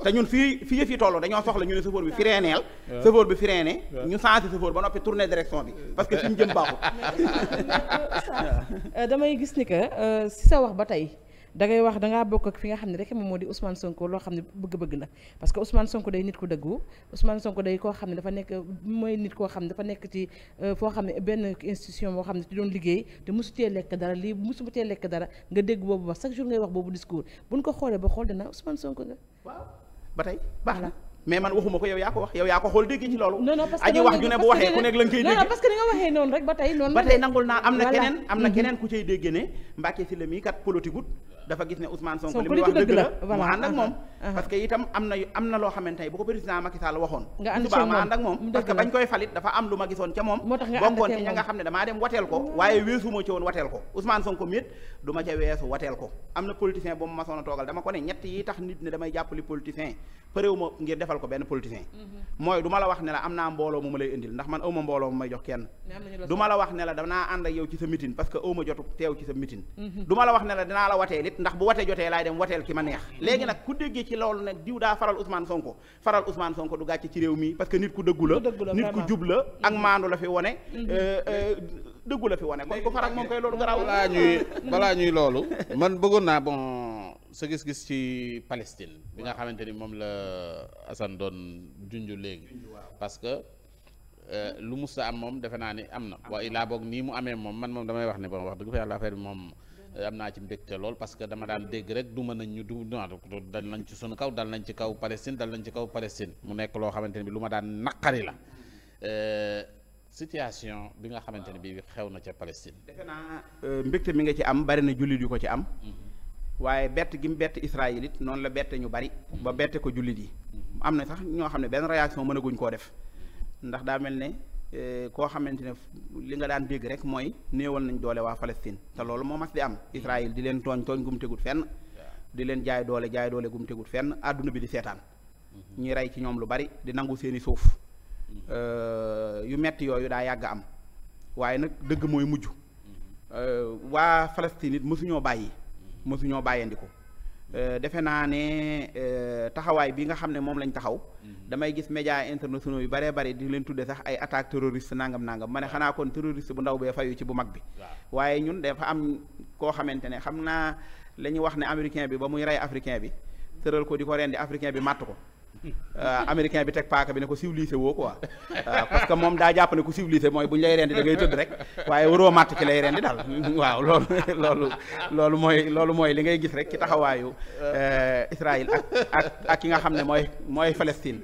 te ñun fii fii yëf yi toll dañoo soxla ñu ne chauffeur bi freineel chauffeur bi freiné ñu changé chauffeur ba noppi tourné direction bi parce que fi ñu jëm baaxul euh, euh, damay gis ni que euh, si sa wax ba tey da ngay wax dangaa bokk ak fi nga xam ne rek moom moo di Ousmane Sonko loo xam ne bëgg-bëgg la parce que Ousmane Sonko day nit ku dëggu Ousmane Sonko day koo xam ne dafa nekk mooy nit koo xam ne dafa nekk ci euh, foo xam ne benn institution boo xam ne ci doon liggéey te mosu cee lekk dara lii mosu cee lekk dara nga dégg boobu wax chaque jour ngay wax boobu discours buñ ko xoolee ba xool dana Ousmane Sonko nga waaw ba tey baax la mais man waxuma ko yow yaa ko wax yow yaa ko xool dégg ci loolu aji wax ju ne bu waxee ku nekk la nga koy dégg parce que ni nga am na keneen am na mm-hmm. keneen mii kat politique dafa gis ne Ousmane Sonko li muy wax dëgg la mu ànd ak uh-huh, moom uh-huh. parce que bañ koy falit dafa am lu ma gisoon ca moom bokkoon ci nga xam ne damaa dem wateel ko waaye weesuma ci woon wateel ko Ousmane Sonko miit du ma ca weesu wateel ko am na politicien bu ma masoon a toogal dama ko ne ñett yi tax nit defal ko benn politicien mhm. mooy du ma la wax ne am naa mbooloo mu ma lay indil ndax man awma mbooloo mu may jox kenn du la wax ne danaa ànd ak ci sa mitin parce que awma jotu teew ci sa mitin mhm. du la wax ne la la wateel ndax bu watee jotee laay dem wateel ki ma neex mhm. léegi nag ku déggee ci loolu nag diw daa faral Ousmane Sonko faral Ousmane Sonko du gàcce ci réew mi parce que nit ku dëggu la nit ku jub la ak maandu la fi wone euh, euh, dëggu la fi wone sa gis-gis ci Palestine bi nga xamante ni moom la Assane doon junj léegi parce que euh, lu musta am moom defe naa ni am na waa i laa boog nii mu amee moom man moom damay wax ne bon wax dëgg fa yàlla affaire bi moom euh, am naa ci mbégte lool parce que dama daan dégg rek duma nañ ñu du dal nañ ci sunu kaw dal nañ ci kaw Palestine dal nañ ci kaw Palestine mu nekk loo xamante ni bi lu ma daan naqari la euh, situation bi nga xamante ne bi xew na ca Palestine mbégte mi nga ci am bari na jullit yu ko ci am mm-hmm. waaye bett gi mu bett Israël it noonu la bette ñu bari ba bette ko jullit yi am na sax ñoo xam ne benn réaction mënaguñ koo def ndax daa mel ne eh, koo xamante ne li nga daan dégg rek mooy néewal nañ doole waa Palestine te loolu moo mas di am Israël di leen tooñ tooñ gum tegut fenn di leen jaay doole jaay doole gum fenn àdduna bi di seetaan ñuy rey ci ñoom lu bari di nangu seeni suuf eh, yu metti yooyu daa yàgg am waaye nag dëgg mooy mujj eh, waa Palestine it bàyyi mësuñoo bàyyandiku euh, defe naa ne euh, taxawaay bi nga xam ne moom lañ taxaw mhm. damay gis média internationaux yu bare bari di leen tudde sax ay attaque terroriste nangam nangam ma ne xanaa kon terroriste bu ndaw bee fayu ci bu mag bi waaye ñun dafa am koo xamante ne xam naa la ñuy wax ne américain bi ba muy rey africain bi tëral ko di ko rendi africain bi màtt ko Euh, américain bi teg paaka bi ne ko civilisé woo quoi euh, parce que moom daa jàpp ne ko civilisé mooy bu ñu lay rendi da ngay tëdd rek waaye waroo màtt ci lay rendi daal waaw loolu loolu loolu mooy loolu mooy li ngay gis rek ci taxawaayu euh, Israël ak ak ki nga xam ne mooy mooy Palestine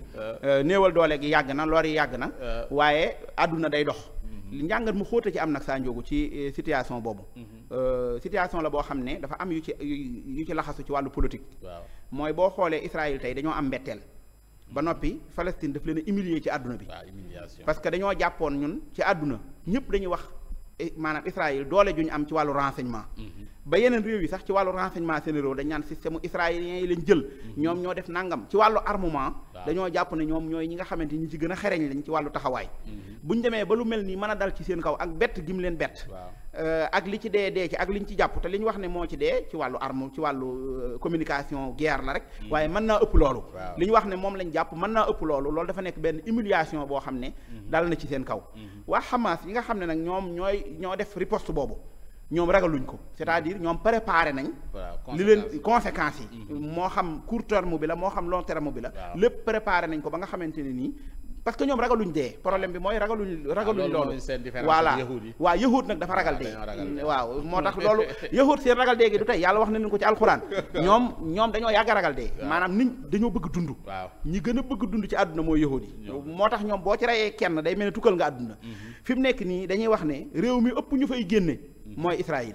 néewal doole gi yàgg na lor yi yàgg na waaye àdduna day dox njàngat mu xóota ci am nag saa njóogu ci situation boobu mhm. situation la boo xam ne dafa am yu ci yu ci laxasu ci wàllu politique mooy boo xoolee Israël tey dañoo am mbetteel ba noppi Palestine daf leen a ci àdduna bi. parce que dañoo jàppoon ñun ci àdduna ñëpp dañu wax eh, maanaam Israël doole ju ñu am ci wàllu renseignement. Mhm. ba yeneen réew yi sax ci wàllu renseignement généraux dañ naan système israélien yi lañ jël. Mhm. ñoom ñoo def nangam ci wàllu armement. dañoo jàpp ne ñoom ñooy ñi nga xamante ñi ci gën a xereñ lañ ci wàllu taxawaay. Mhm. bu ñu ba lu mel nii mën a dal ci seen kaw ak bett gi mu leen bett. Euh, ak li ci dee dee ci ak li ñu ci jàpp te li ñu wax ne moo ci dee ci wàllu arme ci wàllu euh, communication guerre la rek. Hmm. waaye mën naa ëpp loolu. li ñu wax ne moom lañ jàpp mën naa ëpp loolu loolu dafa nekk benn humiliation boo xam ne. Hmm. dal na ci seen kaw. Hmm. waa xamaas yi nga xam ne nag ñoom ñooy ñoo def riposte boobu. ñoom ragaluñ ko cest diir ñoom préparé nañ. li leen conséquences yi. moo xam court terme bi la moo xam long terme bi la. lépp préparé nañ ko ba nga xamante ne nii parce que ñoom ragaluñ dee problème bi mooy ragaluñ ah, ragaluñ loolu voilà waaw yahud nag dafa ragal ah, dee waaw moo tax loolu yahud seen ragal dee gi du tey yàlla wax nañu ko ci alxuraan ñoom ñoom dañoo yàgg a ragal dee maanaam niñ dañoo bëgg dund ñi gën a bëgg dund ci àdduna mooy yahud yi moo tax ñoom boo ci rayee kenn day mel ne tukkal nga àdduna mhm. fi mu nekk nii dañuy wax ne réew mi ëpp ñu fay génne mhm. mooy Israël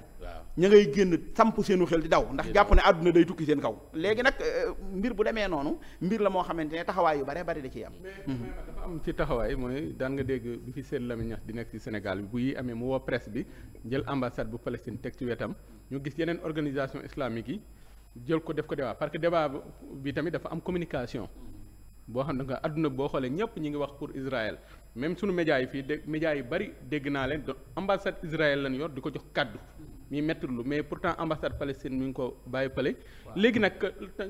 ñu ngay génn samp seenu xel di daw ndax jàpp ne àdduna day tukki seen kaw léegi nag euh, mbir bu demee noonu mbir la moo xamante ne taxawaay yu bare bari da ciy am dafa ci taxawaay mooy daan dégg bi seen Lamine Niass di nekk ci Sénégal bu yi amee mu woo press bi jël ambassade bu Palestine teg ci wetam ñu gis yeneen organisation islamique yi jël ko def ko débat parce que débat bi tamit dafa am communication boo xam ne nga àdduna boo xoolee ñëpp ñu ngi wax pour Israël même sunu médias yi fii dé médias yi bari dégg naa leen ambassade Israël lañ yor di ko jox kàddu mi méttiwul mais pourtant ambassade Palestine mi ngi ko bàyyi pale léegi nag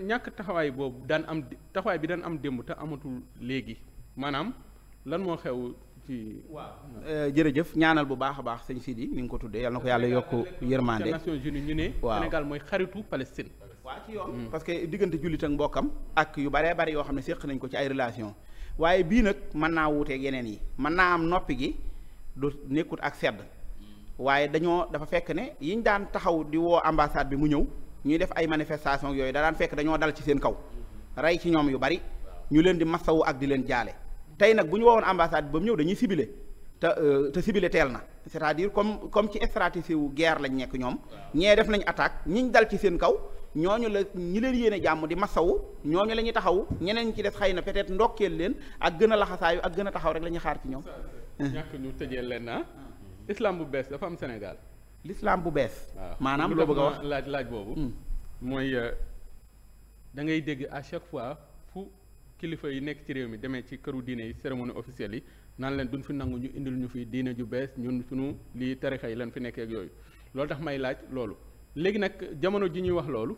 ñàkk taxawaay boobu daan am taxawaay bi daan am démb te amatul léegi maanaam lan moo xew ci. waaw euh, jërëjëf ñaanal bu baax a baax sëñ Sidi ñu ngi ko tuddee yal na ko yàlla yokk yërmande. ca Nations Unies ne. waaw Sénégal mooy xaritu Palestine. waa yoon mm. parce que diggante jullit ak mbokkam ak yu baree bari yoo xam ne séq nañ ko ci ay relation waaye bii nag mën naa wuuteeg yeneen yi mën naa am noppi gi du nekkut ak sedd. waaye dañoo dafa fekk ne yi yiñ daan taxaw di woo ambassade bi mu ñëw ñuy def ay manifestation yooyu da daan fekk dañoo dal ci seen kaw rey ci ñoom yu bari ñu leen di massawu ak di leen jaale tey nag bu ñu woowoon ambassade ba mu ñëw dañuy sibile te euh, te teel na c'est-à-dire comme comme ci stratégie wu guerre lañ nekk ñoom ñee def nañ attaque ñi ñiñ dal ci seen kaw ñooñu la ñi leen yéene jàmm di masawu ñooñu la ñuy taxaw ñeneen ñi ci des xëy na peut-être ndokkeel leen ak gën a laxasaayu ak gën a taxaw rek lañu xaar ci ñoom ñàkk leen na ah? islam bu bees dafa am Sénégal. l'islam bu bees. waaw maanaam loo bëgg a wax laaj laaj boobu. Hmm. mooy euh, da ngay dégg à chaque fois fu kilifa yi nekk ci réew mi demee ci këru diine yi cérémonie officielle yi nan leen duñ fi nangu ñu indil ñu fi diine ju bees ñun suñu lii tarixa yi lan fi nekkee yooyu loolu tax may laaj loolu. léegi nag jamono ji ñuy wax loolu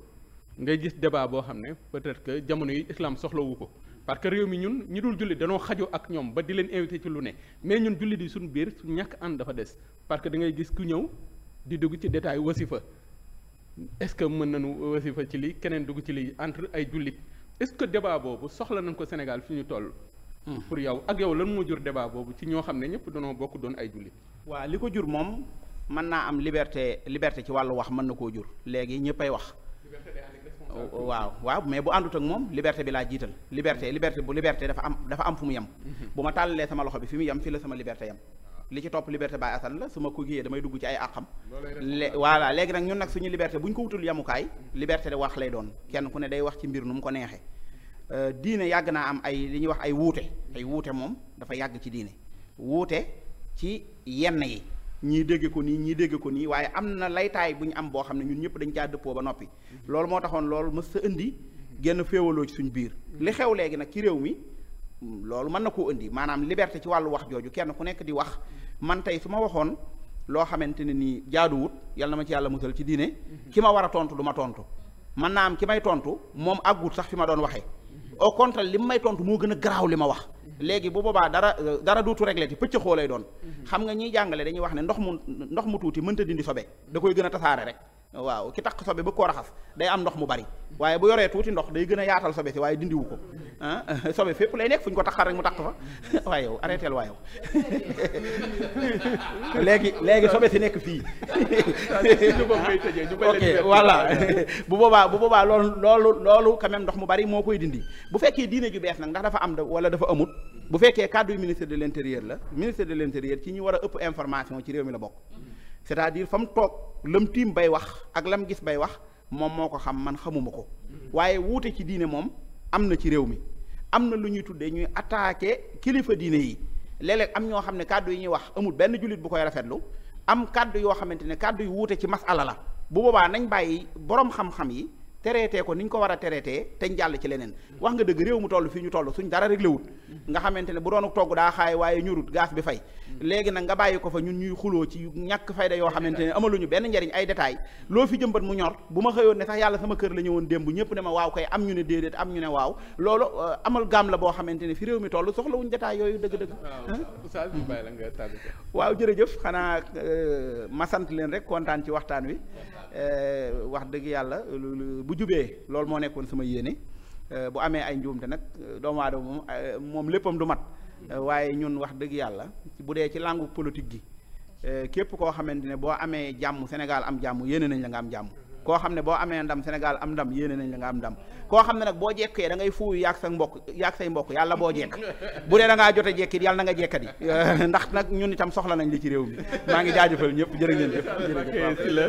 ngay gis débat boo xam ne peut-être que jamono yi islam soxlawu ko. parce que réew mi ñun ñi dul jullit danoo xajoo ak ñoom ba di leen invité ci lu ne mais ñun jullit yi suñu biir suñu ñàkk ànd dafa des parce que da ngay gis ku ñëw di dugg ci détail wasifa est-ce que mën nañu wasifa ci lii keneen dugg ci li entre ay jullit est-ce que débat boobu soxla nañ ko Sénégal fi ñu toll. Hmm. pour yow ak yow lan moo jur débat boobu ci ñoo xam ne ñëpp danoo bokk doon ay jullit. waaw li ko jur moom mën naa am liberté liberté ci wàllu wax mën na koo jur léegi ñëppay wax. waaw waaw mais bu àndut ak moom liberté bi laa jiital liberté liberté bu liberté dafa am dafa am fu mu yem mhm. bu ma tàllalee sama loxo bi fi mu yem fi la sama liberté yem li ci topp liberté Baye Assane la su ma ko giyee damay dugg ci ay àqam voilà léegi nag ñun nag suñu liberté bu ñu ko wutul yemukaay liberté di wax lay doon kenn ku ne day wax ci mbir nu mu ko neexee euh, diine yàgg naa am ay li ñuy wax ay wuute ay wuute moom dafa yàgg ci diine wuute ci yenn yi ñii dégg ko nii ñii dégg ko nii waaye am na laytaay bu ñu am boo xam ne ñun ñëpp dañ caa dëppoo ba noppi loolu moo taxoon loolu mës sa indi génn féewaloo ci suñ biir li xew léegi nag ci réew mi loolu mën na koo indi maanaam liberté ci wàllu wax jooju kenn ku nekk di wax man tey su ma waxoon loo xamante ne nii jaaduwut yal na ma ci yàlla musal ci diine ki ma war a tontu du ma tontu man naa am ki may tontu moom àggut sax fi ma doon waxee au li mu may tontu moo gën a garaaw li ma wax léegi bu boobaa dara dara duutu réglé ti pëcc xoo lay doon mhm. xam nga ñiy jàngale dañuy wax ne ndox mu ndox mu tuuti mënta dindi sobe da koy gën a tasaare rek waaw ki takk sobe ba koo raxas day am ndox mu bari waaye bu yoree tuuti ndox day gën a yaatal sobe si waaye dindiwu ko ah sobe fépp lay nekk fu ñu ko taxal rek mu takk fa waaye yow arrêté waaye yow léegi léegi sobe si nekk fii. ok voilà bu boobaa bu boobaa loolu loolu loolu quand même ndox mu bari moo koy dindi bu fekkee diine ju bees nag ndax dafa am wala dafa amut bu fekkee kàddu ministre de l'intérieur la ministre de l'intérieur ci ñu war a ëpp information ci réew mi la bokk. c'est-à-dire fa mu toog lam tiim bay wax ak lam gis bay wax moom moo ko xam man xamuma ko waaye wuute ci diine moom am na ci réew mi am na lu ñuy tuddee ñuy attaqué kilifa diine yi léeg-léeg am ñoo xam ne kàddu yi ñuy wax amul benn jullit bu koy rafetlu am kàddu yoo xamante ne kàddu yu wuute ci masala la bu boobaa nañ bàyyi boroom xam-xam yi tereetee ko ni ñu ko war a tereetee teñ jàll ci leneen wax nga dëgg réew mu toll fii ñu toll suñ dara réglé wut nga xamante ne bu doon togg daa xaay waaye ñurut gaas bi fay léegi nag nga bàyyi ko fa ñun ñuy xuloo ci ñàkk fayda yoo xamante ne amaluñu benn njariñ ay détails loo fi jëmbat mu ñor bu ma xëyoon ne sax yàlla sama kër la ñëwoon démb ñëpp ne ma waaw kay am ñu ne déedéet am ñu ne waaw loolu euh, amal gaam la boo xamante ne fi réew mi toll soxlawuñ détails yooyu dëgg-dëgg waaw jërëjëf xanaa euh, ma sant leen rek kontaan ci waxtaan wi Eh, wax dëgg yàlla bu jubee loolu moo nekkoon sama yéene eh, bu amee ay njuumte nag doomu aadama moom eh, moom léppam du mat waaye ñun wax dëgg yàlla bu dee ci langue politique gi képp koo xamante ne boo amee jàmm Sénégal am jàmm yéene nañ la nga am jàmm koo xam ne boo amee ndam Sénégal am ndam yéene nañ la nga am ndam koo xam ne nag boo jekkee dangay ngay fuuyu yaag sa mbokk yaag say mbokk yàlla boo jekk bu dee da ngaa jote jekkit yàlla na nga jekkati ndax nag ñun itam soxla nañ li ci réew mi maa ngi jaajëfal ñëpp jërë ngeen jëf jërëjëf si la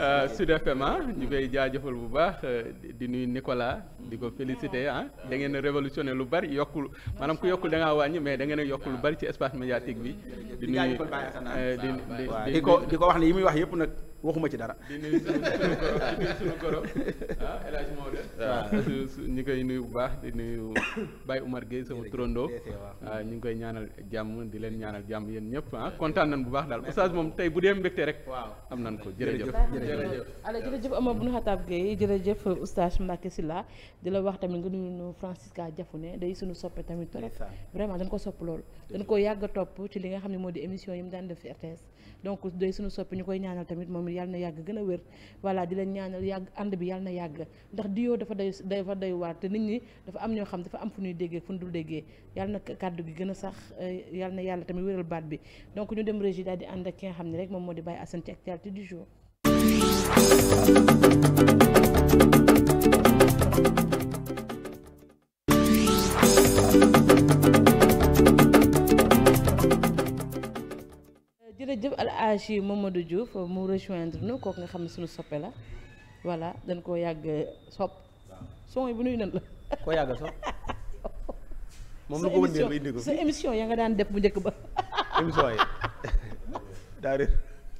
euh, Sud FM ah, ñu koy jaajëfal bu baax euh, di nuyu Nicolas di ko féliciter ah da ngeen révolutionné lu bari yokkul maanaam ku yokkul da ngaa wàññi mais da ngeen yokk lu bari ci espace médiatique bi di nuyu ah, euh, di ko di ko wax ne yi muy wax yëpp nag waxuma ci dara. di nuyu sunu sunu goro ah El waaw ah, su ñu koy nuyu bu baax di nuyu Baye Umar Gueye sama turandoo. waaw ah, ñu ngi koy ñaanal jàmm di leen ñaanal jàmm yéen ñëpp ah kontaan nañ bu baax daal oustaz moom tey bu dee mbégte rek. waaw am nañ ko jërëjëf. jërëjëf alors jërëjëf Omar Boun Khatab Gueye jërëjëf oustaz Mbacké Sylla di la wax tamit nga nuyu Francisca Diafoune day sunu soppe tamit trop vraiment dañ ko sopp loolu dañ ko yàgg topp ci li nga xam ne moo di émission yi mu daan def RTS donc day suñu soppi ñu koy ñaanal tamit moom it yàlla na yàgg gën a wér voilà di leen ñaanal yàgg ànd bi yàlla na yàgg ndax dioo dafa day dafa day te nit ñi dafa am ñoo xam dafa am fu ñuy déggee fu ñu dul déggee yàlla na kàddu gi gën a sax eh, yàlla na yàlla tamit wéral baat bi donc ñu dem régie daal di ànd ak ki nga xam ne rek moom moo di bàyyi Assane ci actualité du jour jërëjëf al Hadji Mamadou Diouf mu rejoindre nu kooku nga xam ne suñu soppee la voilà dañ koo yàgg sopp son yi bu nuy nan la koo yàgg sopp moom lu ko wëndeel émission ya nga daan def bu njëkk ba émission yi daa réer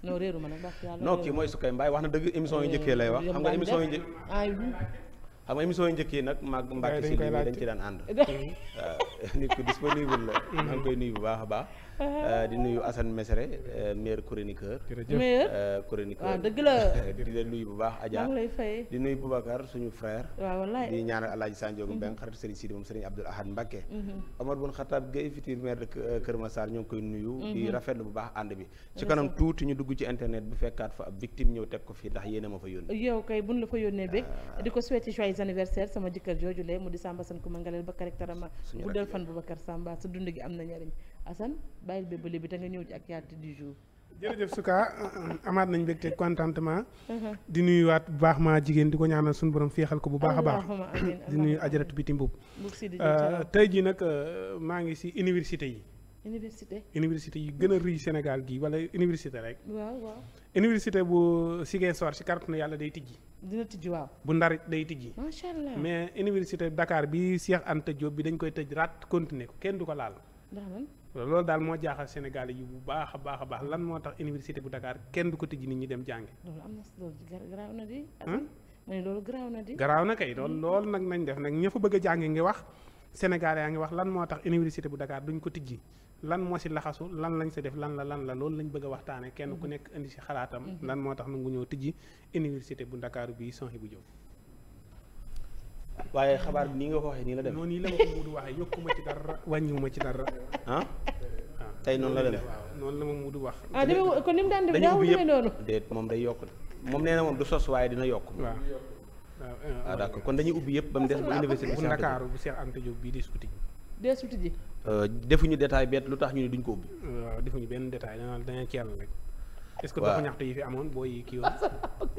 non réeru ma nag baax yàlla non kii mooy Sukay Mbaye wax na dëgg émission yi njëkkee lay wax xam nga émission yi njëkk xam nga émission yu njëkk yi nag maag Mbacke si dañ ci daan ànd waaw nit ku disponible la. Mm-hmm. maa ngi koy nuyu bu baax a baax. Uh-huh. di nuyu Assane Mesere uh, maire chroniqueur. maire uh, chroniqueur waaw ah, dëgg la. di la nuyu bu baax Adja lay fay di nuyu Boubacar suñu frère. waaw wallaay di ñaanal El Hadj Sanjoogu Mbeng mm-hmm. xarit Serigne Sidi moom Serigne Abdoul Ahad Mbacké. Mm-hmm. Omar Boun Khattab Gueye futur maire de euh, Kër Massar ñoo koy nuyu. di rafetlu bu baax ànd bi. ci kanam tuuti ñu dugg ci internet bi fekkaat fa ab victime ñëw teg ko fii ndax yéen a ma fa yónnee. yow kay buñ la fa yónnee beeg ah. di ko jooju lee mu di Samba Sane ma ngaleel fan Boubacar Samba sa dund gi am na njariñ Assane bàyyil bébale bi te nga ñëw ci actualité du jour. jërëjëf suka euh, amaat nañ mbégte contentement uh-huh. di nuyuwaat bu baax ma jigéen di ko ñaanal suñu borom féexal ko bu baax a baax di nuyu ajaratu biti mbub euh, tey jii nag euh, maa ngi si université yi université université yi gën a rëy Sénégal gii wala université rek. waaw université bu Ziguinchor si kàrtu na yàlla day tijji. dina tijji waaw. bu ndar day tijji. macha allah mais université dakaar bi Cheikh Anta Diop bi dañ koy tëj rat continuer ko kenn du ko laal. loolu daal moo jaaxal Sénégal yi bu baax a baax a baax lan moo tax université bu Dakar kenn du ko tijji nit ñi dem jàngi. loolu am na loolu loolu garaaw na di. garaaw na kay loolu loolu nag nañ def nag ñ fa bëgg a jàngi ngi wax Sénégal yaa ngi wax lan moo tax université bu Dakar duñ ko tijji lan moo si laxasu lan lañ si def lan la lan la loolu lañ bëgg a waxtaanee kenn ku mhm. nekk indi si xalaatam. Mhm. lan moo tax nangu ñëw tijji université bu ndakaaru bii songi bu jóg. waaye xabaar bi nii nga ko waxee nii la dem nii la ma ko muudu waxee ci dara wàññiwuma ci dara. Ah? ah tey noonu la demee waaw noonu la ma muudu wax. Ah, kon ni mu daan def daawul day yokk moom nee na moom du sos waaye dina yokk. waaw ah, waaw eh, d'accord kon dañuy yëpp ba mu des ba bu Ndakaaru bu Cheikh bii di su tijji. Euh, defuñu détail bett lu tax ñu ne duñ ko ubbi. waaw defuñu benn détail da nga ci rek. est ce que doxu ñaxtu yi fi amoon booy kii woon.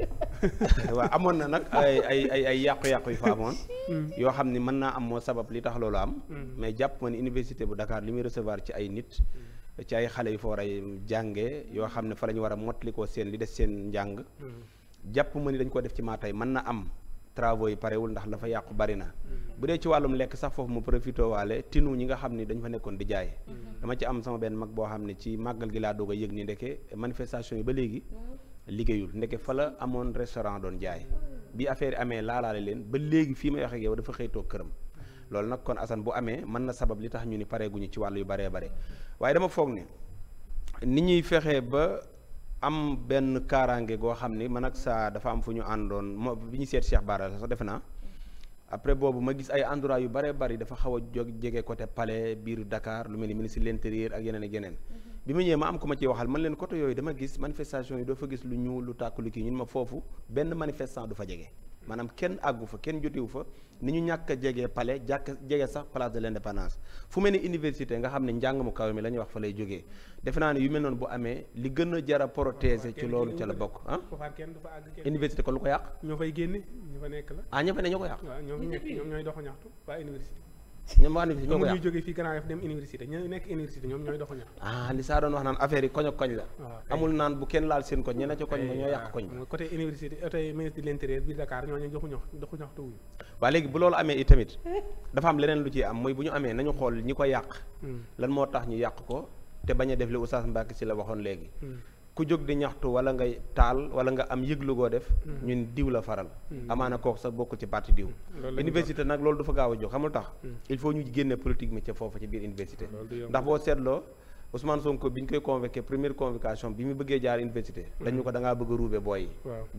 waaw amoon na nag ay ay ay ay yàqu-yàqu yu fa amoon. Hmm. yoo xam ne mën naa am moo sabab li tax loolu am. Hmm. mais jàpp ma ne université bu Dakar li muy recevoir ci ay nit. Hmm. ci ay xale yu fa war a jàngee yoo xam ne fa lañu war a mottalikoo seen li des seen njàng. jàpp ma ni dañ ko def ci maa tey mën na am. travaux yi parewul ndax la fa yàqu bari na bu dee ci wàllum lekk sax foofu mu profité waale tinu ñi nga xam ni dañ fa nekkoon di jaay dama ci am sama benn mag boo xam ne ci màggal gi laa doog a yëg ni ndeke manifestation yi ba léegi liggéeyul ndeke fa la amoon restaurant doon jaay bi affaire yi amee laalaale leen ba léegi fii ma wax ak yow dafa xëy toog këram loolu nag kon Assane bu amee mën na sabab li tax ñu ni ñu ci wàll yu baree bare waaye dama foog ne ba am benn kaaraange goo xam ni mën ak saa dafa am fu ñu àndoon moo bi ñu seet Cheikh Bara sax defe naa après boobu ma gis ay endroit yu bare bari dafa xaw a jóg jege côté palais biir dakaar lu mel ni ministre de l'intérieur ak yeneen ak yeneen. Mm-hmm. bi ma ñëwee ma am ku ma ciy waxal man leen côté yooyu dama gis manifestation yi doo fa gis lu ñuul lu tàkk lu kii ñun ma foofu benn manifestant du fa jege. maanaam kenn àggu fa kenn jotiwu fa ni ñu ñàkk jege palais jàkk jege sax place de l'indépendance fu mel ni université nga xam ne njàng mu kaw mi la ñuy wax fa lay jógee defe naa ne yu mel noonu bu amee li gën a jar a protéger ci loolu ca la bokk ah université ko lu ko yàq ñoo fay génne ñoo fa nekk la ah ñoo fa ne ñoo ko yàq waaw ñoom ñooy dox ñaxtu ñoom waa université ñoo ko yàq ñuy jógee fii gannaaw def dem université ñu ah, ah, ñoo yàq koñ bi. Eh, côté université côté ministre de l'intérieur bi Dakar ñooñu joxu ñax doxu ñax tuuti. waa lu ciy am mooy bu ñu amee nañu xool ñi ko yàq. Hmm. lan moo tax ñu yàq ko te bañ a def li Oustaz Mbacke si la waxoon léegi. Hmm. ku jóg di ñaxtu wala nga taal wala nga am yëglu goo def. Hmm. ñun diw la faral. Hmm. amaana kooku sax bokkul ci parti diw. Hmm. université nag loolu dafa gaaw a jóg xamul tax. il faut ñu génne politique mi ca foofu ci biir université. ndax boo seetloo. Ousmane Sonko bi ñu koy convoqué première convocation bi mu bëggee jaar université. dañu ko da ngaa a ruube booy yi.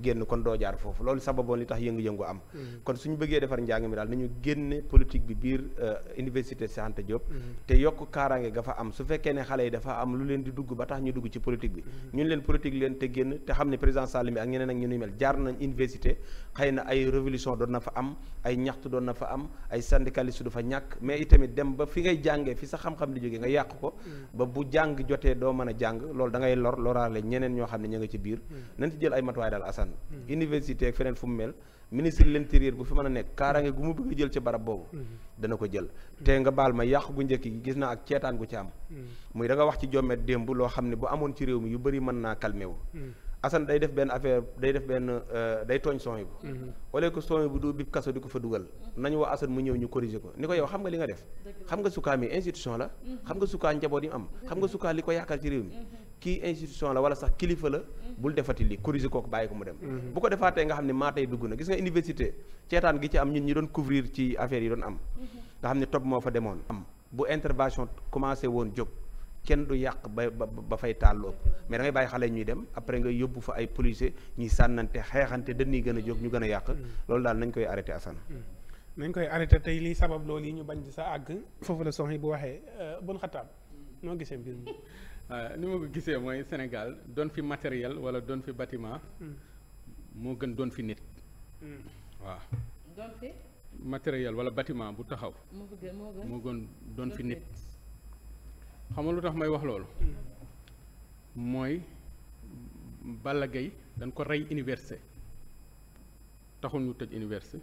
génn kon doo jaar foofu loolu sababoon li tax yëngu-yëngu am. Mm-hmm. kon suñu bëggee defar njàng mi daal nañu génne politique bi biir euh, université Cheikh Anta Diop. Mm-hmm. te yokk kaaraange ga fa am su fekkee ne xale yi dafa am lu leen di dugg ba tax ñu dugg ci politique bi. Mm-hmm. ñun leen politique leen te génn te xam ne président Sall mi ak ñeneen ak ñu nuy mel jaar nañ université xëy na ay na fa am ay ñaxtu doon na fa am ay ba fi ngay jàngee fi sa xam-xam di jógee nga yàq ko bu jàng jotee doo mën a jàng loolu da ngay lor loraale ñeneen ñoo xam ne ña nga ci biir mm. nañ ci jël ay matuwaay daal asan mm. université ak feneen fu mel ministre de l'intérieur bu fi mën a nekk kaaraange gu mu bëgg a jël ci barab boobu mm. dana ko jël te nga baal ma yàq gu njëkk gi gis na ak ceetaan gu ci am muy da nga wax ci jommet démb loo xam ne bu amoon ci réew mi yu bari mën naa calmé wu Assane day def benn affaire day def benn euh, day tooñ son yi bu mhm. au lieu que son bu du bib kaso di ko fa dugal nañu woo Assane mu ñëw ñu corriger ko ni ko yow xam nga li nga def xam nga Souka mi institution la mhm. xam nga Souka njaboot am mhm. xam nga Souka li ko yaakaar ci réew mi kii institution la wala sax kilifa la bul defati li corriger ko bàyyi ko mu dem bu ko defaatee nga xam ne maa tey dugg na gis nga université ceetaan gi ci am ñun ñi doon couvrir ci affaire yi doon am nga xam ne to moo fa demoon am bu intervention commencé woon jóg kenn du yàq ba ba fay taal lu ëpp mais da bàyyi xale ñuy dem après nga yóbbu fa ay policier ñuy sànnante xeexante dañuy gën a jóg ñu gën a yàq hmm. loolu daal nañ koy arrêté Assane hmm. nañ koy arrêté tey liy sabab loolu yi ñu bañ di sa àgg foofu la soxna bu waxee euh, bun xataab noo gisee mbir mi euh, ni ma ko gisee mooy Sénégal doon fi matériel wala doon fi batiment hmm. moo gën doon fi nit waaw doon matériel wala batiment bu taxaw moo gën doon fi nit xam nga lu tax may wax loolu mooy Balla Gaye dañ ko rey université taxul ñu tëj université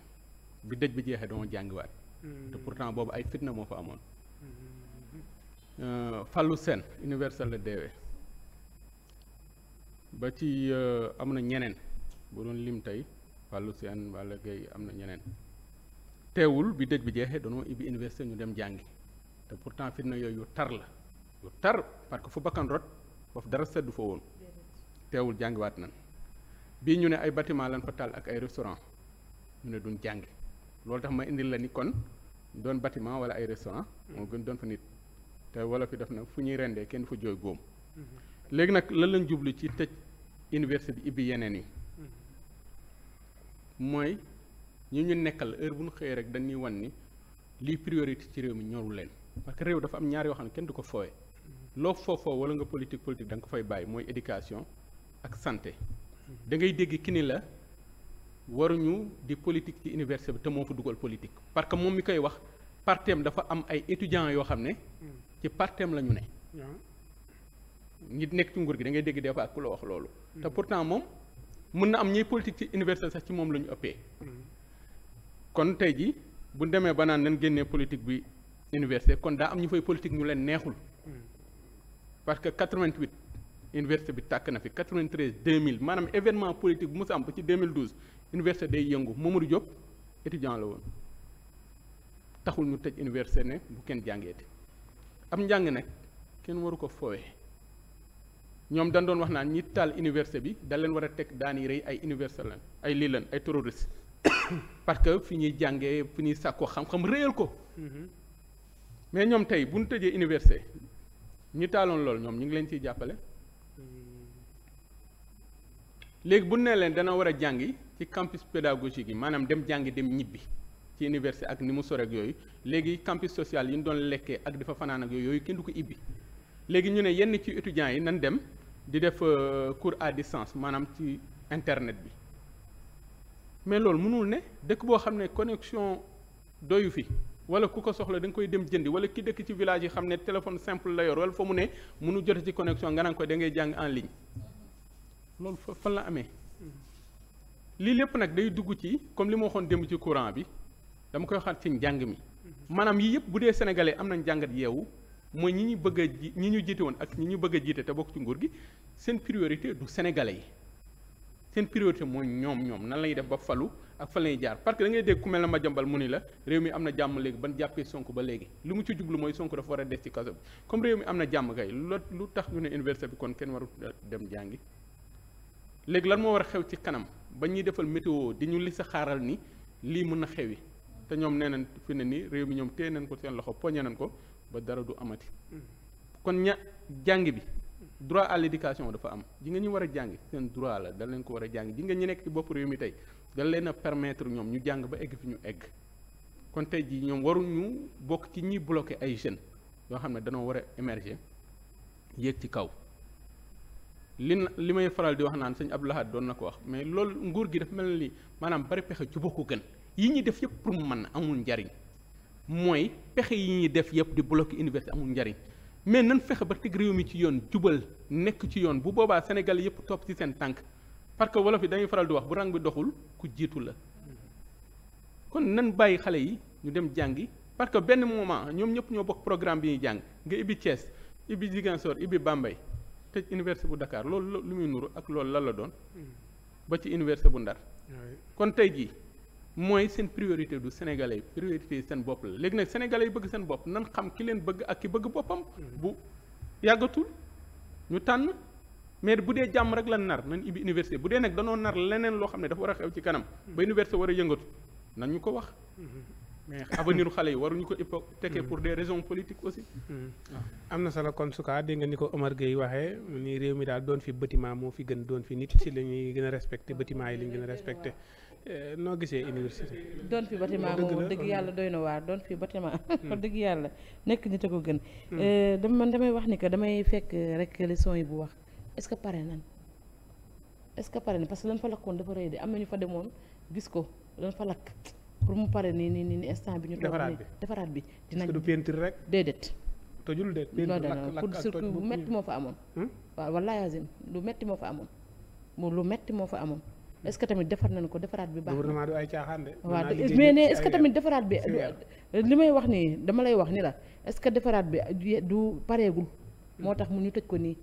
bi dëj bi jeexee dama jàngiwaat te hmm. pourtant boobu ay fitna moo fa amoon hmm. euh, Fallou Sène université la deewee ba ci euh, am na ñeneen bu doon lim tey Fallou seen Balla Gaye am na ñeneen teewul bi dëj bi jeexee danoo ibbi université ñu dem jàngi te pourtant fitna yooyu tar la lu tar parce que fu bakkan rot foofu dara seddu fa woon teewul jàngiwaat nan bii ñu ne ay bâtiment lan fa taal ak ay restaurant ñu ne duñ jàngi loolu tax ma indil la ni kon doon bâtiment wala ay restaurant moo gën doon fa nit te wala fi def na fu ñuy rendee kenn fa jooy góom mm-hmm. léegi nag lan lañ jublu ci tëj université bi ibbi yeneen yi mm-hmm. mooy ñu ñu nekkal heure bu ñu xëyee rek dañuy wan ni lii priorité ci réew mi ñorul leen parce que réew dafa am ñaar yoo xam ne kenn du ko fooye loo foofoo wala nga politique politique da nga ko fay bàyyi mooy éducation ak santé da ngay dégg ki ni la waruñu di politique ci université bi te moo fa dugal politique parce que moom mi koy wax partem dafa am ay étudiants yoo xam ne ci partem la ñu ne ñi nekk ci nguur gi da ngay dégg des fois ku la wax loolu te hmm. pourtant moom mën na am ñuy politique ci université sax ci moom la ñu ëppee hmm. kon tey ji bu demee ba naan nañ génnee politique bi université kon daa am ñu fay politique ñu leen neexul parce que 88 université bi tàkk na fi 93 2000 maanaam événement politique bu mu am ba ci 2012 université day yëngu Mamadou Diop étudiant la woon taxul ñu tëj université ne bu kenn jàngeeti am njàng nag kenn waru ko foowee ñoom dañ doon wax naa ñi taal université bi da leen war a teg daan yi ay université lan ay lii lan ay terroriste parce que fi ñuy jàngee fi ñuy sàkkoo xam-xam réyal ko mm-hmm. mais ñoom tey bu ñu tëjee université ñu taaloon loolu ñoom ñu ngi leen ciy jàppale léegi bu ne leen dana war a jàngi ci campus pédagogique yi maanaam dem jàngi dem ñibbi ci université ak ni mu sore yooyu léegi campus social yi ñu doon lekkee ak dafa fanaan ak yooyu yooyu kenn du ko ibbi léegi ñu ne yenn ci étudiants yi nan dem di def euh, cours à distance maanaam ci internet bi mais loolu mënul ne dëkk boo xam ne connection doyu fi wala ku ko soxla danga koy dem jënd wala ki dëkk ci village yi xam ne téléphone simple la yor wala fa mu ne mënu jote ci connexion nga naan ko da ngay jàng en ligne loolu fa fan la amee mm-hmm. lii lépp nag day dugg ci comme li ma waxoon dem ci courant bi dama koy xaat ci njàng mi mm-hmm. maanaam yii yëpp bu dee sénégalais am nañ jàngat yeewu mooy ñi ñu bëgg a ñi ñu jiite woon ak ñi ñu bëgg jiite te bokk ci nguur gi seen priorité du sénégalais yi seen priorité mooy ñoom ñoom nan lañuy def ba falu ak fa la jaar parce que dangay ngay dégg ku mel ne Madiambal mu ni la réew mi am na jàmm léegi ban jàppee Sonko ba léegi li mu ci jublu mooy Sonko dafa war a des ci kaso bi comme réew mi am na jàmm kay lu tax ñu ne université bi kon kenn warul dem jàngi léegi lan moo war a xew ci kanam ba ñuy defal météo di ñu li sa xaaral ni lii mën na xewi te ñoom nee nañ fi ne nii réew mi ñoom téye nañ ko seen loxo poñe nañ ko ba dara du amati kon ña jàng bi droit à l'éducation dafa am ji nga ñu war a jàng seen droit la da leen ko war a jàng ji ñu nekk ci bopp réew mi tey da leen a permettre ñoom ñu jàng ba egg fi ñu egg kon tey jii ñoom waruñu bokk ci ñiy bloqué ay jeunes yoo xam ne danoo war a émerger yéeg ci kaw li li may faral di wax naan sëñ Abdou Lahad doon na ko wax mais loolu nguur gi daf mel ni maanaam bari pexe ci bokku gën yi ñuy def yëpp pour mu mën amul njariñ mooy pexe yi ñuy def yëpp di bloqué université amul njariñ mais nan fexe ba teg réew mi ci yoon jubal nekk ci yoon bu boobaa Sénégal yëpp topp ci seen tànk parce que wolof yi dañuy faral di wax bu rang bi doxul ku jiitu la kon nan bàyyi xale yi ñu dem jàngi parce que benn moment ñoom ñëpp ñoo bokk programme bi ñuy jàng nga ibbi Thiès ibbi Ziguinchor ibbi Bambey te université bu Dakar loolu lu muy nuru ak loolu lan la doon ba ci université bu Ndar kon tey jii mooy seen priorité du sénégalais yi priorité seen bopp la léegi nag sénégalais yi bëgg seen bopp nan xam ki leen bëgg ak ki bëgg boppam mm. bu yàggatul ñu tànn mais bu dee jàmm rek lan nar nañ université bu dee nag danoo nar leneen loo xam ne dafa war a xew ci kanam ba université war a yëngatu nañ ñu ko wax mais avenir xale yi waruñu ko hypothéquer pour des raisons politiques aussi mm-hmm. am na solo kon sukaa dégg nga ni ko Omar Gueye waxee ni réew mi daal doon fi bâtiment moo fi gën doon fi nit si la ñuy gën a respecté bâtiment yi la ñu gën a respecté euh, noo gisee université doon fi bâtiment moom dëgg yàlla doy na waar doon fi bâtiment hmm. dëgg yàlla nekk nit a ko gën hmm. euh, dama man damay wax ni que damay fekk rek leçon yi bu wax est que pare nan est-ce que pare nan parce que lan fa lakkoon dafa rëy de am na ñu fa demoon gis ko lan fa lakk pour mu pare nii nii nii instant bi. ñu toog nii defaraat bi dinañ du peinture rek. déedéet. tojul de peinture lakk lakk pour surtout lu moo fa amoon. Hmm? waaw wallaahi lu metti moo amoon moom lu metti moo fa amoon. est-ce defar nañ ko defaraat bi baax gouvernement du ay caaxaan de waaw li may wax nii dama lay wax ni la est-ce que defaraat bi du pareegul moo tax mu ñu tëj ko nii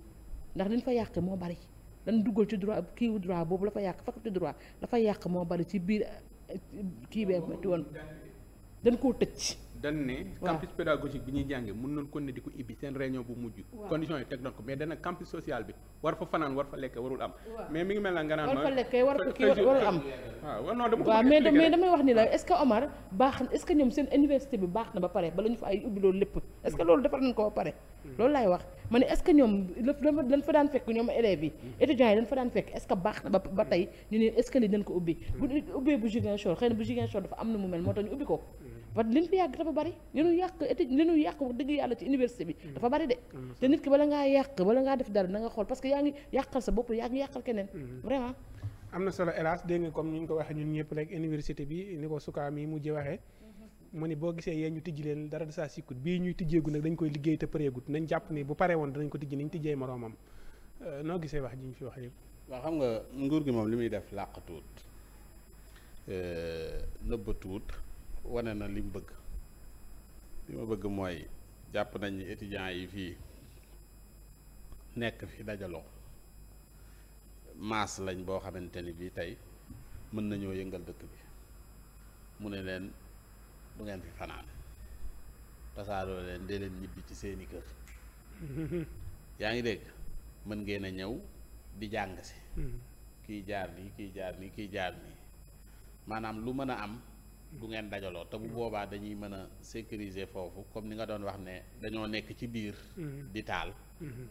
ndax dañ fa yàq moo bari dañ dugal ci droit kiiwu droit boobu la fa yàq faculté droit dafa yàq moo bari ci biir kii bee metti woon dañ koo tëj dan ne campus pédagogique bi ñuy jàngee mën nañ ko ne di ko ibbi seen réunion bu mujj condition yi teg mais dana campus social bi war fa fanaan war fa lekkee warul am mais mais damay wax ni la est Omar baax na est ñoom seen université bi baax na ba pare bala ñu fa ay ubbi loolu lépp est loolu defar nañ ko ba pare hmm. loolu laay wax ma ne est ñoom lañ fa daan fekk ñoom élèves yi hmm. étudiants yi lañ fa daan fekk est baax na ba tey ñu ne est-ce que parce que li ñu fi yàgg dafa bari li ñu yàq étude li ñu yàq wax dëgg yàlla ci université bi mm. dafa bari de mm. te nit ki bala ngaa yàq bala ngaa def dara na nga xool parce que yaa ngi yàqal sa bopp yaa ngi yàqal keneen mm-hmm. vraiment am na solo hélas dégg nga comme ni ñu ko waxee ñun ñëpp rek université bi ni ko sukaa mi mujjee waxee mm-hmm. mu ni boo gisee yee ñu tijji leen dara de saa sikkut bii ñuy tijjeegu nag dañ koy liggéey te pareegut nañ jàpp ni bu pare woon danañ ko tijji nañ tijjee euh, noo gisee wax ji ñu fi wax yëpp waaw xam nga nguur gi moom li muy def làqatuut euh, nëbbatuut wane na li bëgg li bëgg mooy jàpp nañ ni étudiants yi fii nekk fi dajaloo maas lañ boo xamante ni bii tey mën nañoo yëngal dëkk bi mu ne leen du ngeen fi fanaan tasaaroo leen dee leen ñibbi ci seeni kër yaa ngi dégg mën ngeen a ñëw di jàng si hmm. kii jaar nii kiy jaar nii kiy jaar nii maanaam lu mën a am du ngeen dajaloo te boobaa dañuy mën a sécuriser foofu comme ni nga doon wax ne dañoo nekk ci biir. Mhm. di taal. Mhm.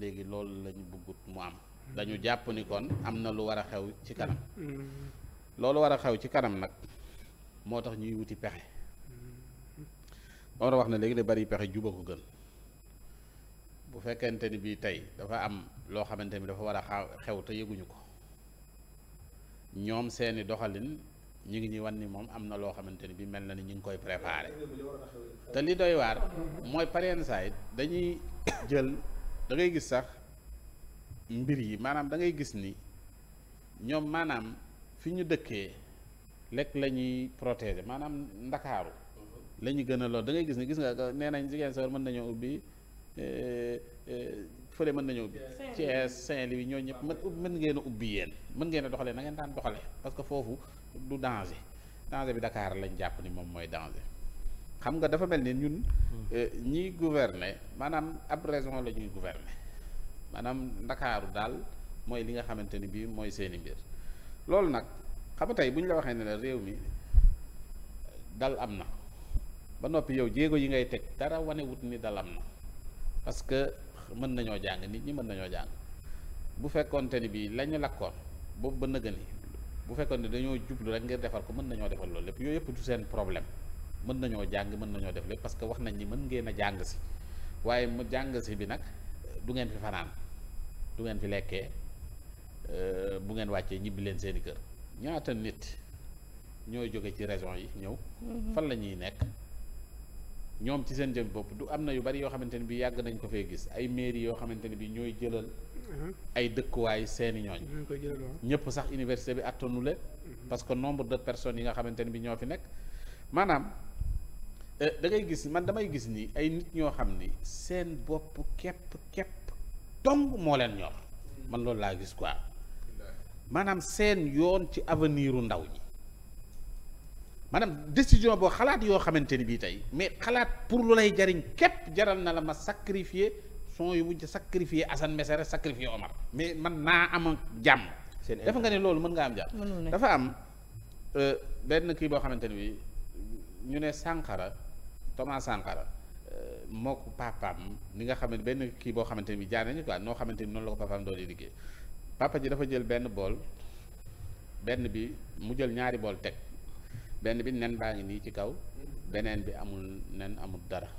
léegi loolu la ñu mu am. Mhm. dañu jàpp ni kon am na lu war a xew ci kanam. loolu war a xew ci kanam nag moo tax ñuy wuti pexe. Omar wax na léegi de bari pexe juba ko gën bu fekkente ni bii tey dafa am loo xamante ni dafa war a xew te yëguñu ko ñoom seeni doxalin. ñu ngi ñuy wan ni moom am na loo xamante ni bi mel na ni ñu ngi koy préparé te li doy waar mooy pareen saa dañuy jël da gis sax mbir yi maanaam da ngay gis ni ñoom maanaam fi ñu dëkkee lekk la ñuy protéger maanaam ndakaaru la ñu gën a lool da ngay gis ni gis nga nee nañ Ziguinchor mën nañoo ubbi eh, eh, fële mën nañoo ubbi Thiès Saint-Louis ñoo ñëpp mën mën ngeen a ubbi yeen mën ngeen a doxalee na ngeen daan doxalee parce que foofu du danger danger bi Dakar lañ jàpp ni moom mooy danger xam nga dafa mel ni ñun hmm. eh, ñiy gouverner maanaam ab raison la ñuy gouverner maanaam ndakaaru daal mooy li nga xamante ni bii mooy seeni mbir loolu nag xam nga tey bu ñu la waxee ne la réew mi dal am na ba noppi yow jéego yi ngay teg dara wane wut ni dal am na parce que mën nañoo jàng nit ñi mën nañoo jàng bu fekkoonte ni bii la ñu lakkoon boobu ba nëgëni bu fekkoon ne dañoo jublu rek ngir defar ko mën nañoo defal loolu lépp yooyu yëpp du seen problème mën nañoo jàng mën nañoo def lépp parce que wax nañ ñi mën ngeen a jàng si waaye mu jàng si bi nag du ngeen fi fanaan du ngeen fi lekkee euh, bu ngeen wàccee ñibbi leen seeni kër ñaata nit ñoo jóge ci région yi ñëw mm-hmm. fan la ñuy nekk ñoom ci seen jëm bopp du am na yu bari yoo xamante ni bi yàgg nañ ko fee gis ay mairie yoo xamante ni bi ñooy jëlal uh-huh. ay dëkkuwaay seeni ñooñ ñëpp sax université bi attanu leen uh-huh. parce que nombre de personnes yi nga xamante bi ñoo fi nekk maanaam eh, da ngay gis man damay gis ni ay nit ñoo xam ni seen bopp kepp képp dong moo leen ñor mm. man loolu laa gis quoi maanaam seen yoon ci avenir u ndaw ñi maanaam décision boo xalaat yoo xamante ni bii tey mais xalaat pour lu lay jariñ képp jaral na la ma sacrifier son yu mujj sacrifier Assane Mesere sacrifier Omar mais man naa am jàmm. dafa nga ne loolu mën nga am jàmm. dafa am euh, benn kii boo xamante ni bii ñu ne Sankara Thomas Sankara euh, moo ko papaam ni nga xam ne benn kii boo xamante ni bii jaar nañu quoi noo xamante ni noonu la ko papaam doon liggéey papa ji dafa jël benn bool benn bi mu jël ñaari bool teg. benn bi nen baa ngi nii ci kaw beneen bi amul nen amul dara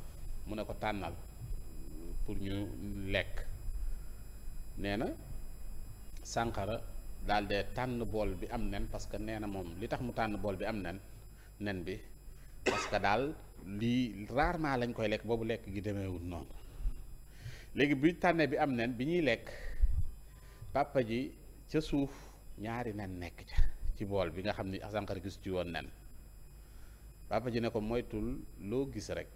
mu ne ko tànnal pour ñu lekk nee na sànqara daal de tànn bool bi am nen parce que nee na moom li tax mu tànn bool bi am nen nen bi parce que daal lii rarement lañ koy lekk boobu lekk gi demeewul noonu léegi bi tànnee bi am nen bi ñuy lekk papa ji ca suuf ñaari nen nekk ca ci bool bi nga xam ni sànqara gis ci woon nen papa ji ne ko moytul loo gis rek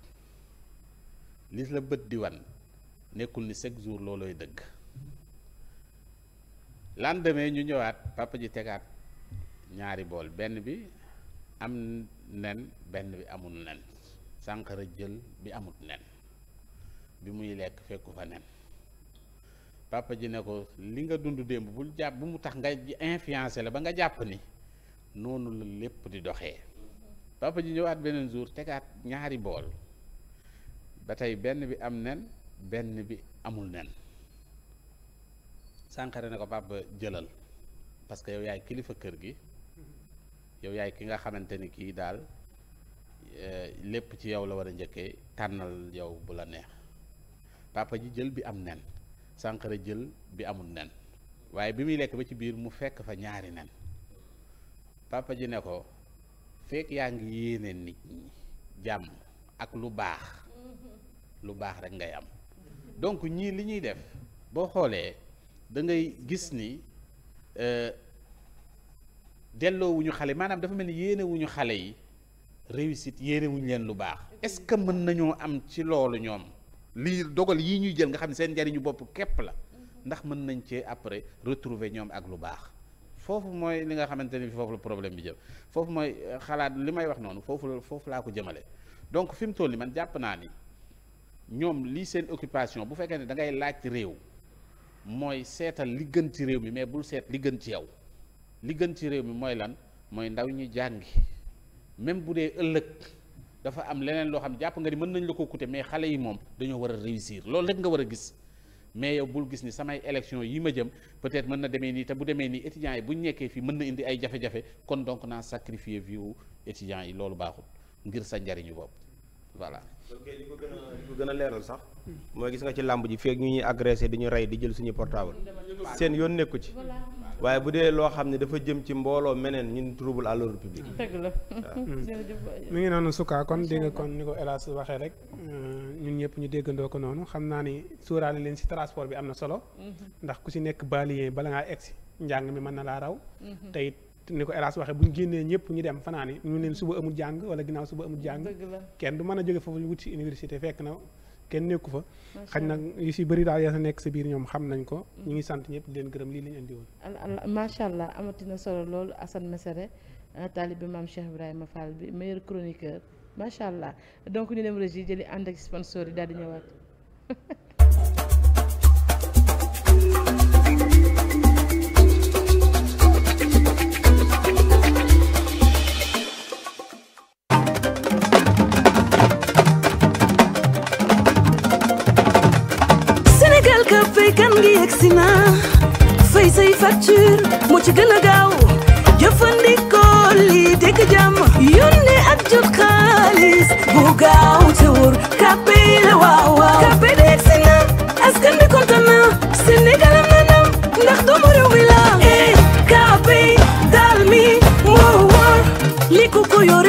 li la bët di wan nekkul ni chaque jour loolooy dëgg lendemain ñu ñëwaat papa ji tegaat ñaari bool benn bi am nen benn bi amul nen sànqara jël bi amut nen bi muy lekk fekku fa nen papa ji ne ko li nga dund démb bul jàpp bu mu tax nga influencé la ba nga jàpp ni noonu la lépp di doxee papa ji ñëwaat beneen jour tegaat ñaari bool ba tey benn bi am nen benn bi amul nen sànqare ne ko papa jëlal parce que yow yaay kilifa kër gi yow yaay ki nga xamante ni kii daal eh, lépp ci yow la war a njëkke tànnal yow bu la neex papa ji jël bi am nen sànqare jël bi amul nen waaye bi muy lekk ba ci biir mu fekk fa ñaari nen papa ji ne ko fekk yaa ngi yéene nit ñi jàmm ak lu baax mm-hmm. lu baax rek ngay am donc ñii li ñuy def boo xoolee da ngay gis ni euh, delloo wuñu xale maanaam dafa mel ni yéenewuñu xale yi réussite yéene leen lu baax est-ce que mën nañoo am ci loolu ñoom lii dogal yii ñuy jël nga xam ne seen njariñu bopp képp la mm-hmm. ndax mën nañ cee après retrouver ñoom ak lu baax foofu mooy li nga xamante ni foofu la problème bi jëm foofu mooy euh, xalaat li may wax noonu foofu la foofu laa ko jëmale donc fi mu toll ni man jàpp naa ni ñoom lii seen occupation bu fekkee ne da ngay laaj réew mooy seetal li gën ci réew mi mais bul seet li gën ci yow li gën ci réew mi mooy lan mooy ndaw ñi jàngi même bu dee ëllëg dafa am leneen loo xam jàpp nga ni mën nañ la ko coûter mais xale yi moom dañoo war a réussir loolu rek nga war a gis mais yow bul gis ni samay élection yi ma jëm peut-être mën na demee nii te bu demee nii étudiants yi bu nekkee fii mën na indi ay jafe-jafe kon donc naa sacrifier vie étudiants yi loolu baaxul ngir sa njariñu bopp voilà. ok li sax. mooy gis nga ci làmb ji feeg ñu ñuy agressé di ñu rey di jël suñu portable. seen yoon nekku ci. waaye bu dee loo xam ne dafa jëm ci mbooloo meneen ñun trouble à l'ordre public. dëgg la hmm. mi ngi noonu sukaa kon dégg nga kon ni ko El Hadj waxee rek euh, ñun ñëpp ñu déggandoo ko noonu xam naa ni suuraale leen si transport bi am na solo. Hmm. ndax ku si nekk balien bala ngaa egsi njàng mi mën na laa raw. Hmm. te it ni ko El waxee bu ñu génnee ñëpp ñu dem fanaani ñu leen suba amul jàng wala ginnaaw suba amul jàng. kenn du mën a jege foofu ñu wut si université fekk na. kenn nekku fa xañ na yu si bëri daal yaa sa nekk sa biir ñoom xam nañ ko mm-hmm. ñu ngi sant ñëpp leen gërëm lii lañ indi woon macha allah amatina solo loolu Assane Mesere ah, taalibe maam Cheikh Ibrahima Fall bi meilleur chroniqueur macha allah donc ñu dem régie jëli ànd ak sponsor yi daal di ñëwaat ngi yegsi na fay say facture moo ci gën a gaaw jëfandikoo lii dégg jàmm yónnee ak jot xaalis bu gaaw te wóor kàppe la waaw waaw kàppe de yegsi na askan na Sénégal am na ndam ndax doomu réew mi eh, mi moo wóor li ko ko yore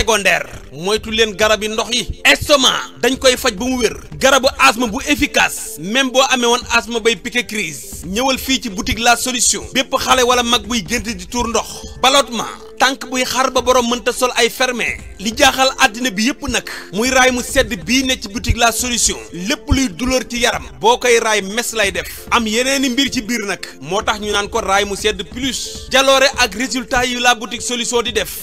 secondaire moytu leen garab yi ndox yi estomac dañ koy faj ba mu wér garabu asthme bu efficace même boo amee woon asthme bay piqué crise ñëwal fii ci boutique la solution bépp xale wala mag buy gént di tuur ndox ma tànk buy xar ba borom mënta sol ay fermé li jaaxal àddina bi yépp nag muy raay mu sedd bii ne ci boutique la solution lépp luy douleur ci yaram boo koy raay mes lay def am yeneeni mbir ci biir nag moo tax ñu naan ko raay mu sedd plus jaloore ak résultat yu la boutique solution di def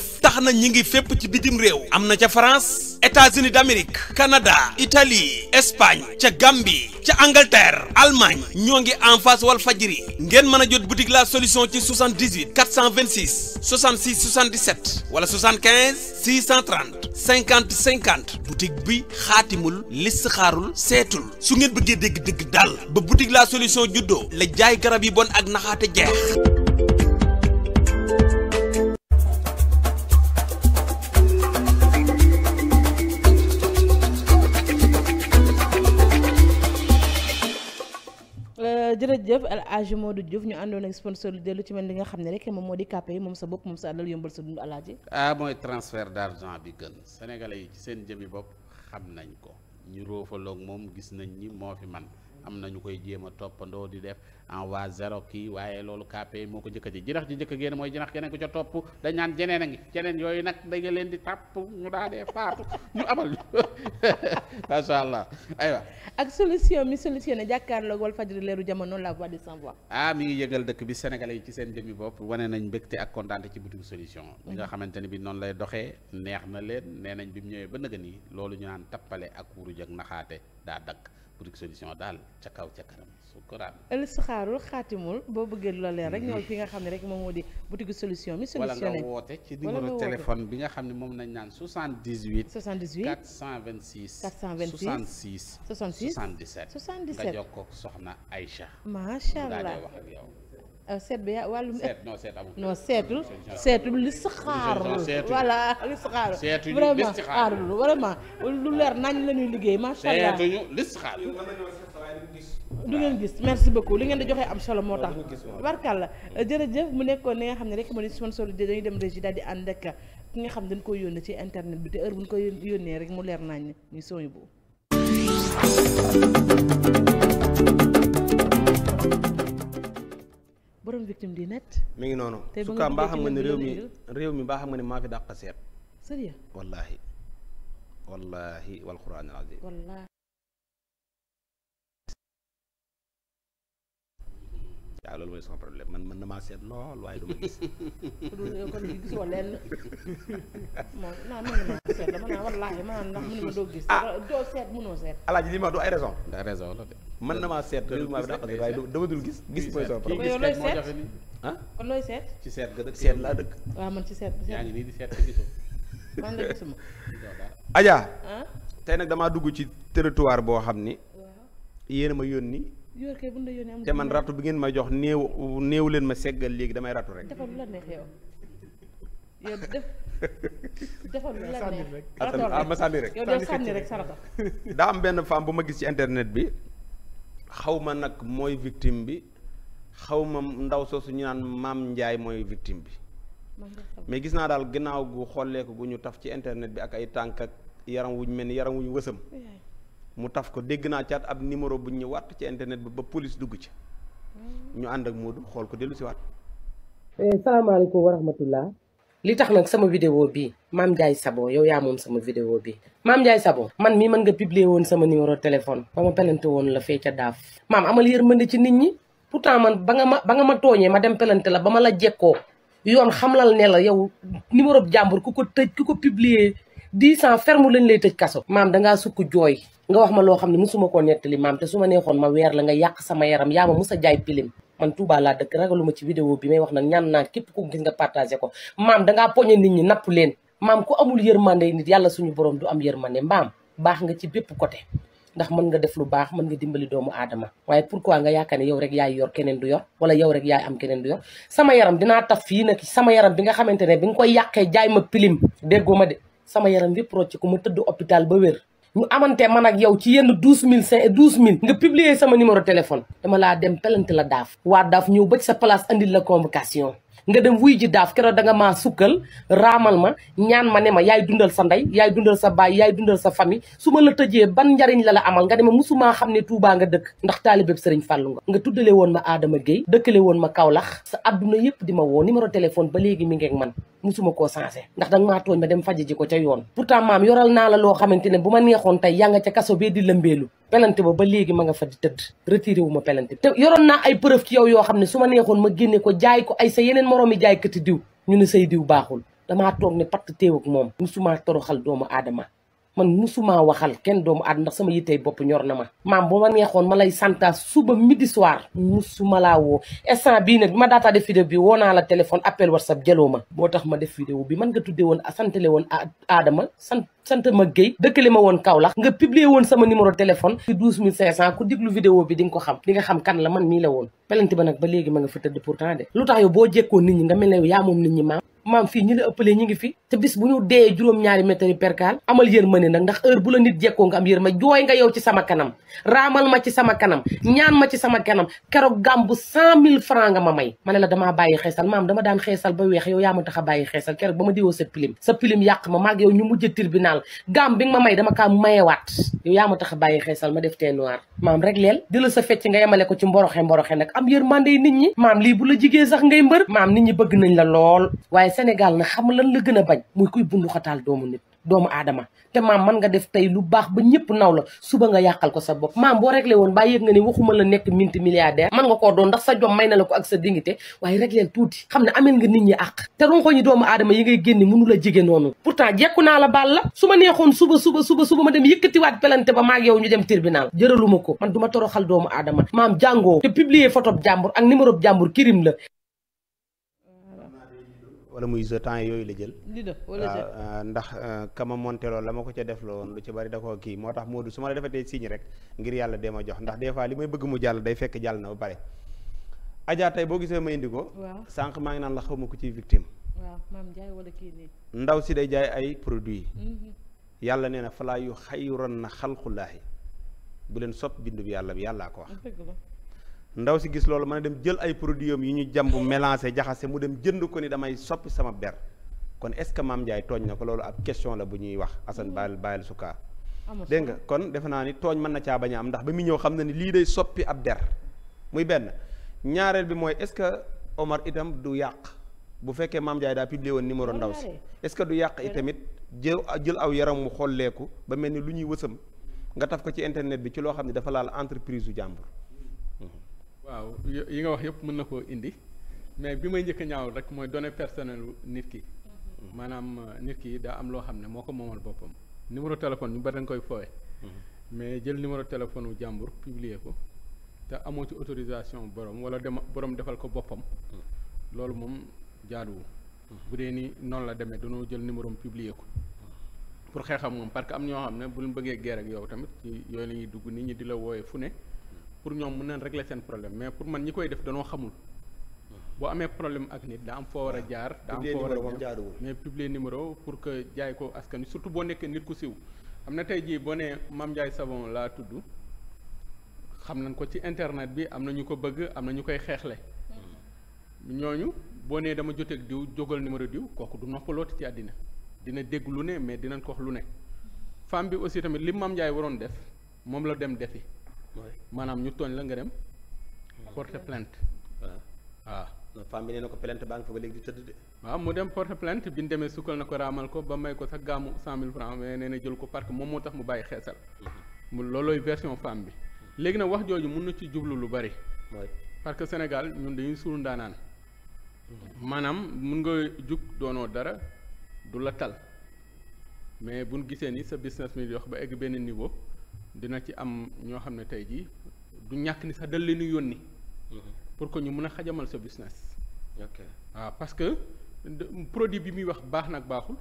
bitim réew am na ca France États-Unis d'Amérique Canada Italie Espagne ca Gambie ca Angleterre Allemagne ñoo ngi en face Walfadjri ngeen mën a jot boutique la solution ci 78 426 66 77 wala 75 630 50 50 boutique bi xaatimul listixaarul seetul su ngeen bëggee dégg dëgg daal ba boutique la solution juddoo la jaay garab yi bon ak naxaate jeex Euh, jërëjëf El Hadj Modou Diouf ñu àndoon ak sponsor de lu ci mel li nga xam ne rek moom moo di kàppe yi moom sa bopp moom sa àlal yombal sa dund alaaji ah mooy transfert d'argent bi gën sénégalais yi ci seen jëmmi bopp xam nañ ko ñu roofalook moom gis nañ ni moo fi man am na ñu koy jéem a toppandoo di def en waa zéro kii waaye loolu KPI moo ko njëkk ji jinax ji njëkk a génn mooy jinax geneen ko ca topp dañ naan jeneen a ngi jeneen yooyu nag da leen di tàpp daal dee faatu amal macha allah aywa. ak solution mi solution jàkkaarloog Walfadjri leeru jamono la voix du sans ah, mi ngi yëgal dëkk bi Sénégalais yi ci seen jëmmi bopp wane nañ mbégte ak kontaante ci boutique solution. bi nga xamante ne bi noonu lay doxee neex na leen nee nañ bi mu ñëwee ba nëgën yi loolu ñu naan tappale ak wuruj ak naxaate daa dakk pour solution daal ca kaw ca kanam su ko raadu. saxaarul xaatimul boo bëggee lu la leer rek ñëwal fi nga xam ne rek moom moo di boutique solution mi. solution wala nga woote ci numéro téléphone bi nga xam ne moom nañ naan 78. 78 426. 426 66. 66 77. 77 nga jokkoo ak soxna Aïcha. macha allah mu daal di wax ak yow. Euh, seet bi wàllum. seet non seet amul. non seetul seetul li si xaarul. voilà li si xaarul. seetuñu li si lu leer nañ la ñuy liggéey macha allah. seetuñu li gis merci beaucoup li ngeen di joxe am solo moo tax. barkalla jërëjëf mu nekkoon li nga xam ne rek moo di sponsor dañuy dem régie daal di ànd ak ki nga xam dañ koy yónnee ci internet bi te heure bu ñu koy yónnee rek mu leer nañ ñu sooy boobu borom victime di net. mi ngi noonu su kaa mbaa xam nga ne réew mi réew mi mbaa xam nga ne maa fi dàq seet. sérieux wallaahi wallaahi wal wallaahi man mën na ma gis. kon gisoo lenn naa mën na maa ma doo gis. Ah! seet mënoo seet. alaaji li ma du ay raison. ndax raison la de. man na maa seet réellement bi daa xasee dama dul gis gis mooy sama problème yow looy seet ah ci seet ga dëkk seet laa dëkk waaw man ci seet yaa ngi nii di seet te ah? tey nag damaa dugg ci territoire boo xam ni yéen ma yónni te man ratu bi ngeen ma jox néew néew leen ma seggal léegi damay ratu rek defal lu la neex yow yow ah, ma sànni rek daa am benn femme bu ma gis ci internet bi xaw ma nag mooy victime bi xaw ma ndaw soosu ñu naan maam Ndiaye mooy victime bi. mais gis naa daal gannaaw gu xolleeku gu ñu taf ci internet bi ak ay tànk ak yaram wuñ mel ni yaram wuñ wësam. mu taf ko dégg naa caat ab numéro bu ñu wàtt ci internet bi ba police dugg ci. ñu ànd ak Modou xool ko dellu si waat. Eh, salaamaaleykum wa rahmatullah li tax nag sama vidéo bii Mame Ndiaye Savon yow yaa moom sama vidéo bii Mame Ndiaye Savon man mii mën nga publier woon sama numéro téléphone ba ma pelante woon la fee ca daaf maam amal yërmande ci nit ñi pourtant man ba nga ma ba nga ma tooñee ma dem pelante la ba ma la jekkoo yoon xam xamlal ne la yow numéro jàmbur ku ko tëj ku ko publier dix ans ferme lañ lay tëj kaso maam dangaa sukk jooy nga wax ma loo xam ne musuma koo nettali maam te su ma neexoon ma weer la nga yàq sama yaram yaa ma mus a jaay pilim man Touba laa dëkk ragaluma ci vidéo bi may wax nag ñaan naa képp ku gis nga partagé ko maam dangaa poñe nit ñi napp leen maam ku amul yërmande nit yàlla suñu borom du am yërmande mbaam baax nga ci bépp côté ndax mën nga def lu baax mën nga dimbali doomu aadama waaye pourquoi nga yaakaar ne yow rek yaay yor keneen du yor wala yow rek yaay am keneen du yor sama yaram dinaa taf fii nag sama yaram bi nga xamante ne bi nga koy yàqee jaay ma pilim déggoo ma sama yaram yëpp rocc ma tëdd hôpital ba wér ñu amante man ak yow ci yenn douze mille cinq douze mille nga publier sama numéro téléphone dama laa dem pelante la daaf waa daaf ñëw ba sa place andil la convocation nga dem wuy ji daaf keroog da nga maa sukkal raamal ma ñaan ma ne ma yaay dundal sa ndey yaay dundal sa baay yaay dundal sa famille su ma la tëjee ban njariñ la la amal nga dem ma musumaa ne Touba nga dëkk ndax taalibeb Sëriñ Fàllu nga nga tuddale woon ma Adama Gueye dëkkale woon ma Kaolack sa adduna yëpp di ma woo numéro téléphone ba léegi mi ngeeg man musuma koo changé ndax danga maa tooñ ma dem faje ji ko ca yoon pourtant maam yoral naa la loo xamante ne bu ma neexoon tey yaa nga ca kaso bee di lëmbeelu pelante ba ba léegi ma nga fa di tëdd retiré wu ma pelante te yoroon naa ay preuve ci yow yoo xam ne su ma neexoon ma génne ko jaay ko ay sa yeneen moroomi jaaykati diw ñu ne say diw baaxul damaa toog ne patt téew ak moom musuma xal doomu aadama man musuma waxal kenn doomu aadama ndax sama yittey bopp ñor na ma maam bu ma neexoon ma lay santa suba midi soir musuma laa woo instant bii nag bi ma daataa bi woo naa la téléphone appel whatsapp jëloo boo tax ma def vidéo bi man nga tuddee woon santale woon aadama sant sant ma Guèye dëkkale ma woon Kaolack nga publier woon sama numéro téléphone ci douze mille cinq cent ku diglu vidéo bi di nga ko xam di nga xam kan la man mii la woon pelante ba nag ba léegi ma nga fa tëdd pourtant de lu tax yow boo jekkoo nit ñi nga mel ne yow yaa moom nit maam fii ñi la ëppalee ñi ngi fii te bis bu ñu dee juróom-ñaari mètre percale amal yërmande nag ndax heure bu la nit jekkoo nga am yërmande sama kanam raamal ma ci sama kanam ñaan ma ci sama kanam keroog gàmbu cent mille francs nga ma may ma ne la damaa bàyyi xeesal maam dama daan xeesal ba weex yow yaa ma tax a bàyyi ma diwoo sa pilim sa pilim yàq ma maag yow ñu mujj tribunal gàmm bi nga ma may dama kaa mayewaat yow yaa ma a bàyyi xeesal ma def tee noir maam rek leel di la sa fecc nga yemale ko ci mboroxe mboroxe nag am yërmande nit ñi maam lii bu la jigee sax ngay mbër maam nit ñi bëgg nañ la lool waaye Sénégal na xam lan la gën a bañ mu kuy bundu xataal doomu nit doomu aadama te maam man nga def tey lu baax ba ñëpp naw la suba nga yàqal ko sa bopp maam boo réglé woon baa yëg nga ne waxuma la nekk minti milliardaire man koo doon ndax sa jom may na la ko ak sa dignité waaye régleel tuuti xam ne amel nga nit ñi àq te ronko ñi doomu aadama yi ngay génne mënu la jege noonu pourtant jekku naa la baal la su ma neexoon suba suba suba ma dem yëkkatiwaat pelante ba maag yow ñu dem tribunal jëraluma ko man du ma toroxal doomu adama maam jàngoo te publier photo jàmbur ak numéro jàmbur kirim la wala muy jeu temps yooyu la jël ah, ah, ndax ah, kama monté la ma ko ca def loon lu ci bari da ko kii moo tax Modou su ma la defatee signe rek ngir yàlla dee ma jox ndax des fois li may bëgg mu jàll day fekk jàll na ba pare Adja boo gisee ma indi ko sànq maa ngi naan la xaw ma ko ciy victime waaw maam jaay wala kii nii ndaw si day jaay ay produits mhm. yàlla nee na falaa yu xayran na xalqulaahi bu leen sopp bindu bi yàlla bi yàllaa ko wax ndaw si gis loolu mën a dem jël ay produit am yu ñu jàmb mélangé jaxase mu dem jënd ko ni damay soppi sama ber kon est-ce que Mame tooñ na ko loolu ab question la bu ñuy wax Assane bàyyil bàyyil sukaa dégg nga kon defe naa ni tooñ mën na caa bañ am ndax ba mu ñëw xam na ni lii day soppi ab der muy benn ñaareel bi mooy est-ce que Omar itam du yàq bu fekkee Mame Ndiaye daa publier woon numéro ndaw si est-ce que du yàq itamit jël jël aw yaram mu xolleeku ba mel ni lu ñuy wësam nga taf ko ci internet bi ci loo xam ne dafa laal entreprise u jàmbur waaw yi nga wax yëpp mën na koo indi mais bi may njëkk a ñaaw rek mooy données personnelles nit ki. Mhm. maanaam euh, nit ki daa am loo xam ne moo ko moomal boppam. numéro téléphone ñu bari dañ koy fooye. Mhm. mais jël numéro téléphone wu jàmbur publier ko te amoo ci autorisation borom wala dem borom defal ko boppam. Mhm. loolu moom jaaduwul. bu dee nii noonu la demee dañoo jël numéro publier ko. pour xeexam moom parce que am ñoo xam ne bu ñu bëggee guerre ak yow tamit yooyu la ñuy dugg nit ñi di la wooyee fu ne. pour ñoom mën nañ régler seen problème mais pour man ñi koy def danoo xamul boo amee problème ak nit daa am foo war a jaar da am foo war a jaar mais publier numéro pour que jaay ko askan surtout boo nekkee nit ku siw am na tey jii boo nee Mame Ndiaye Savon laa tudd xam nañ ko ci internet bi am na ñu ko bëgg am na ñu koy xeexle ñooñu boo nee dama joteeg diw jógal numéro diw kooku du noppalooti ci àddina dina dégg lu ne mais dinañ ko lu ne femme bi aussi tamit li Mame Ndiaye waroon def moom la dem defi maanaam ñu tooñ la nga dem porter plainte waaw ah. femme bi nee na ko plainte baa ngi fa ba léegi di tëdd de. waaw mu dem porte plainte bi ñu demee sukkal na ko raamal ko ba may ko sax gàmmu cent mille francs mais nee na jël ko parce que moom moo tax mu bàyyi xeesal. Mm-hmm. mu loolooy version femme bi. Mm-hmm. léegi nag wax jooju mun na ci jublu lu bari. parce que Sénégal ñun dañuy suul ndaanaan. Mm-hmm. maanaam mun nga jug doonoo dara du la tal mais buñ gisee ni sa business mi di wax ba egg benn niveau dina ci am ñoo xam ne tey jii du ñàkk ni sax dal leen yónni. Mhm. pour que ñu mën a xajamal sa business. ok waaw parce que produit bi muy wax baax nag baaxul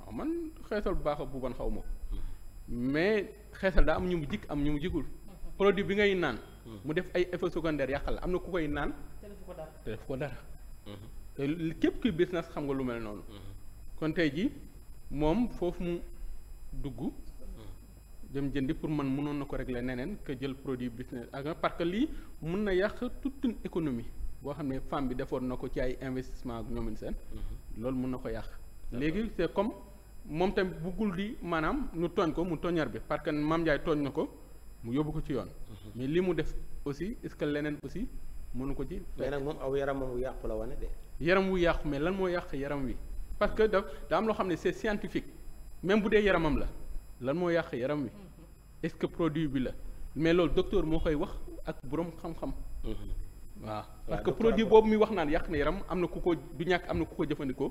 waaw man xeesal bu baax bu bon xaw ma ko mhm. mais xeesal daa am ñu mu jikk am ñu mu jikul mhm. produit bi ngay naan. mu def ay effets secondaires yàqal la am na ku koy naan. te def ko dara te def ko képp kuy business xam nga lu mel noonu. kon tey jii moom foofu mu dugg. dem jëndi pour man mënoon na ko régler neneen que jël produit business ak ah, parce que lii mun na yàq toute une boo xam ne femme bi defoon na ko ci ay investissement ak ñoomin seen mm-hmm. loolu mun na ko yàq léegi c'est comme moom tamit buggul di maanaam nu tooñ ko mu tooñar bi parce que Mame Ndiaye tooñ na ko mu yóbbu ko ci yoon mm-hmm. mais li mu def aussi est-ce que leneen aussi mënu ko ci mais moom aw yaram wu yàqu la wane de yaram wu yàqu mais lan moo yàq yaram wi parce que daf daa loo xam ne c'est scientifique même bu dee yaramam la lan moo yàq yaram wi mm-hmm. est-ce que produit bi la mais lool docteur moo koy wax ak boroom xam-xam. Mm-hmm. waaw parce que produit boobu muy wax naan yàq na yaram am na ku ko du ñàkk am na ku ko jëfandikoo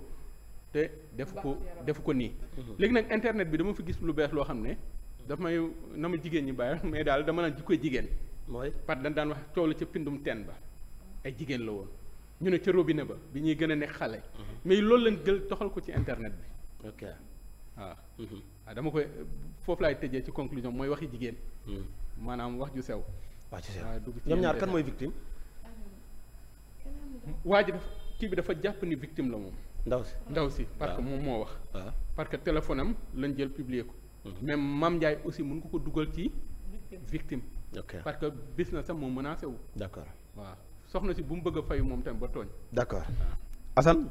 te def ko def ko nii. Mm-hmm. léegi nag internet bi dama fi gis lu bees loo xam ne dafa may na ma jigéen ñi bàyyi mais daal dama naan jikkoy jigéen. mooy parce que dañ daan wax coow la ca pindum ten ba ay jigéen la woon ñu ne ca robine ba bi ñuy gën a nekk xale. mais loolu lañ gël toxal ko ci internet bi. ok dama koy foofu laay tëjee ci conclusion mooy waxi jigéen. Hmm. maanaam wax ju sew. wax ju sew ñoom ñaar kan mooy victime. waa ji dafa kii bi dafa jàpp ni victime la moom. ndaw si ndaw si parce que moom moo wax. parce que téléphone am lañ jël publier ko. Hmm. même Mame Ndiaye aussi mën nga ko dugal ci. victime. ok parce que business am moo menacé wu. d' accord waaw soxna si bu mu bëgg a fayu moom tamit ba tooñ. d' accord Assane.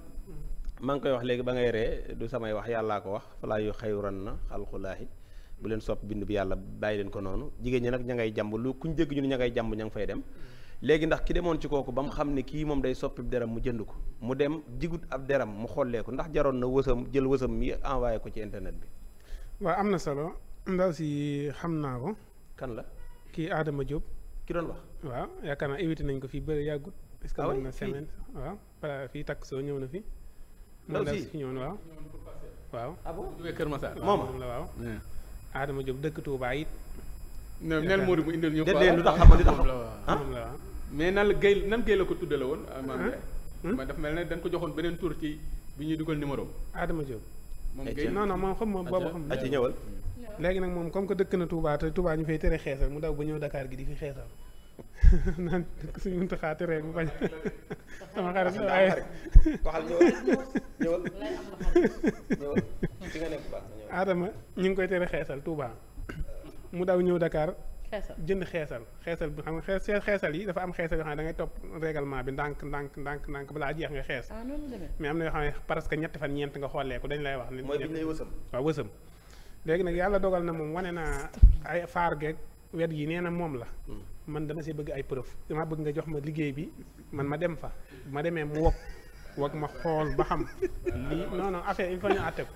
maa ngi koy wax léegi ba ngay ree du samay wax yàllaa ko wax falaa yu ran na xalqulaahi bu leen sopp bind bi yàlla bàyyi leen ko noonu jigéen ñi nag ña ngay jàmb lu kuñ dégg ñu ne ña ngay jàmb ña nga fay dem léegi ndax ki demoon ci kooku ba mu xam ne kii moom day soppi deram mu jënd ko mu dem jigut ab deram mu xollee ko ndax jaroon na wësam jël wësam mi envoyé ko ci internet bi waaw am na solo ndaw si xam naa ko kan la kii Adama Diop ki doon wax waaw yaakaar naa évité nañ ko fii bëri yàggut est-ce que ah mën na semaine waaw fii takk soo ñëw na fi ndaw si ñëwoon waaw waaw ah bon Kër Massar moom la waaw aadama ah, Diop dëkk Touba it neel Modou indil ñu déedéet lu tax xam li tax moom la ah? mais nan gay nan gay la ko tuddale woon ah? maam hmm? ma daf mel ne dañ ko joxoon beneen tur ci bi ñuy dugal numéro Adama Diop moom gay non non moom xam moom boobu xam ci ñëwal léegi nag moom comme que dëkk na Touba te Touba ñu fay tere xeesal mu daw ba ñëw dakaar gi di fi xeesal naan suñu mu bañ sama xarit Adama ñu ngi koy tere xeesal Touba mu daw ñëw Dakar jënd xeesal xeesal bi xam nga xees xeesal yi dafa am xeesal yoo xam ne da ngay topp règlement bi ndànk ndànk ndànk ndànk balaa jeex nga xees ah, mais am na yoo xam ne parce que ñetti fan ñeent nga xoolee ko dañ lay wax ne waaw wësam léegi nag yàlla dogal na moom wane naa ay faar geeg wet gi nee na moom la hmm. man dama see bëgg ay preuve damaa bëgg nga jox ma liggéey bi man ma dem fa ma demee mu wokk wokk ma xool ba xam lii non non affaire il faut ñu àtte ko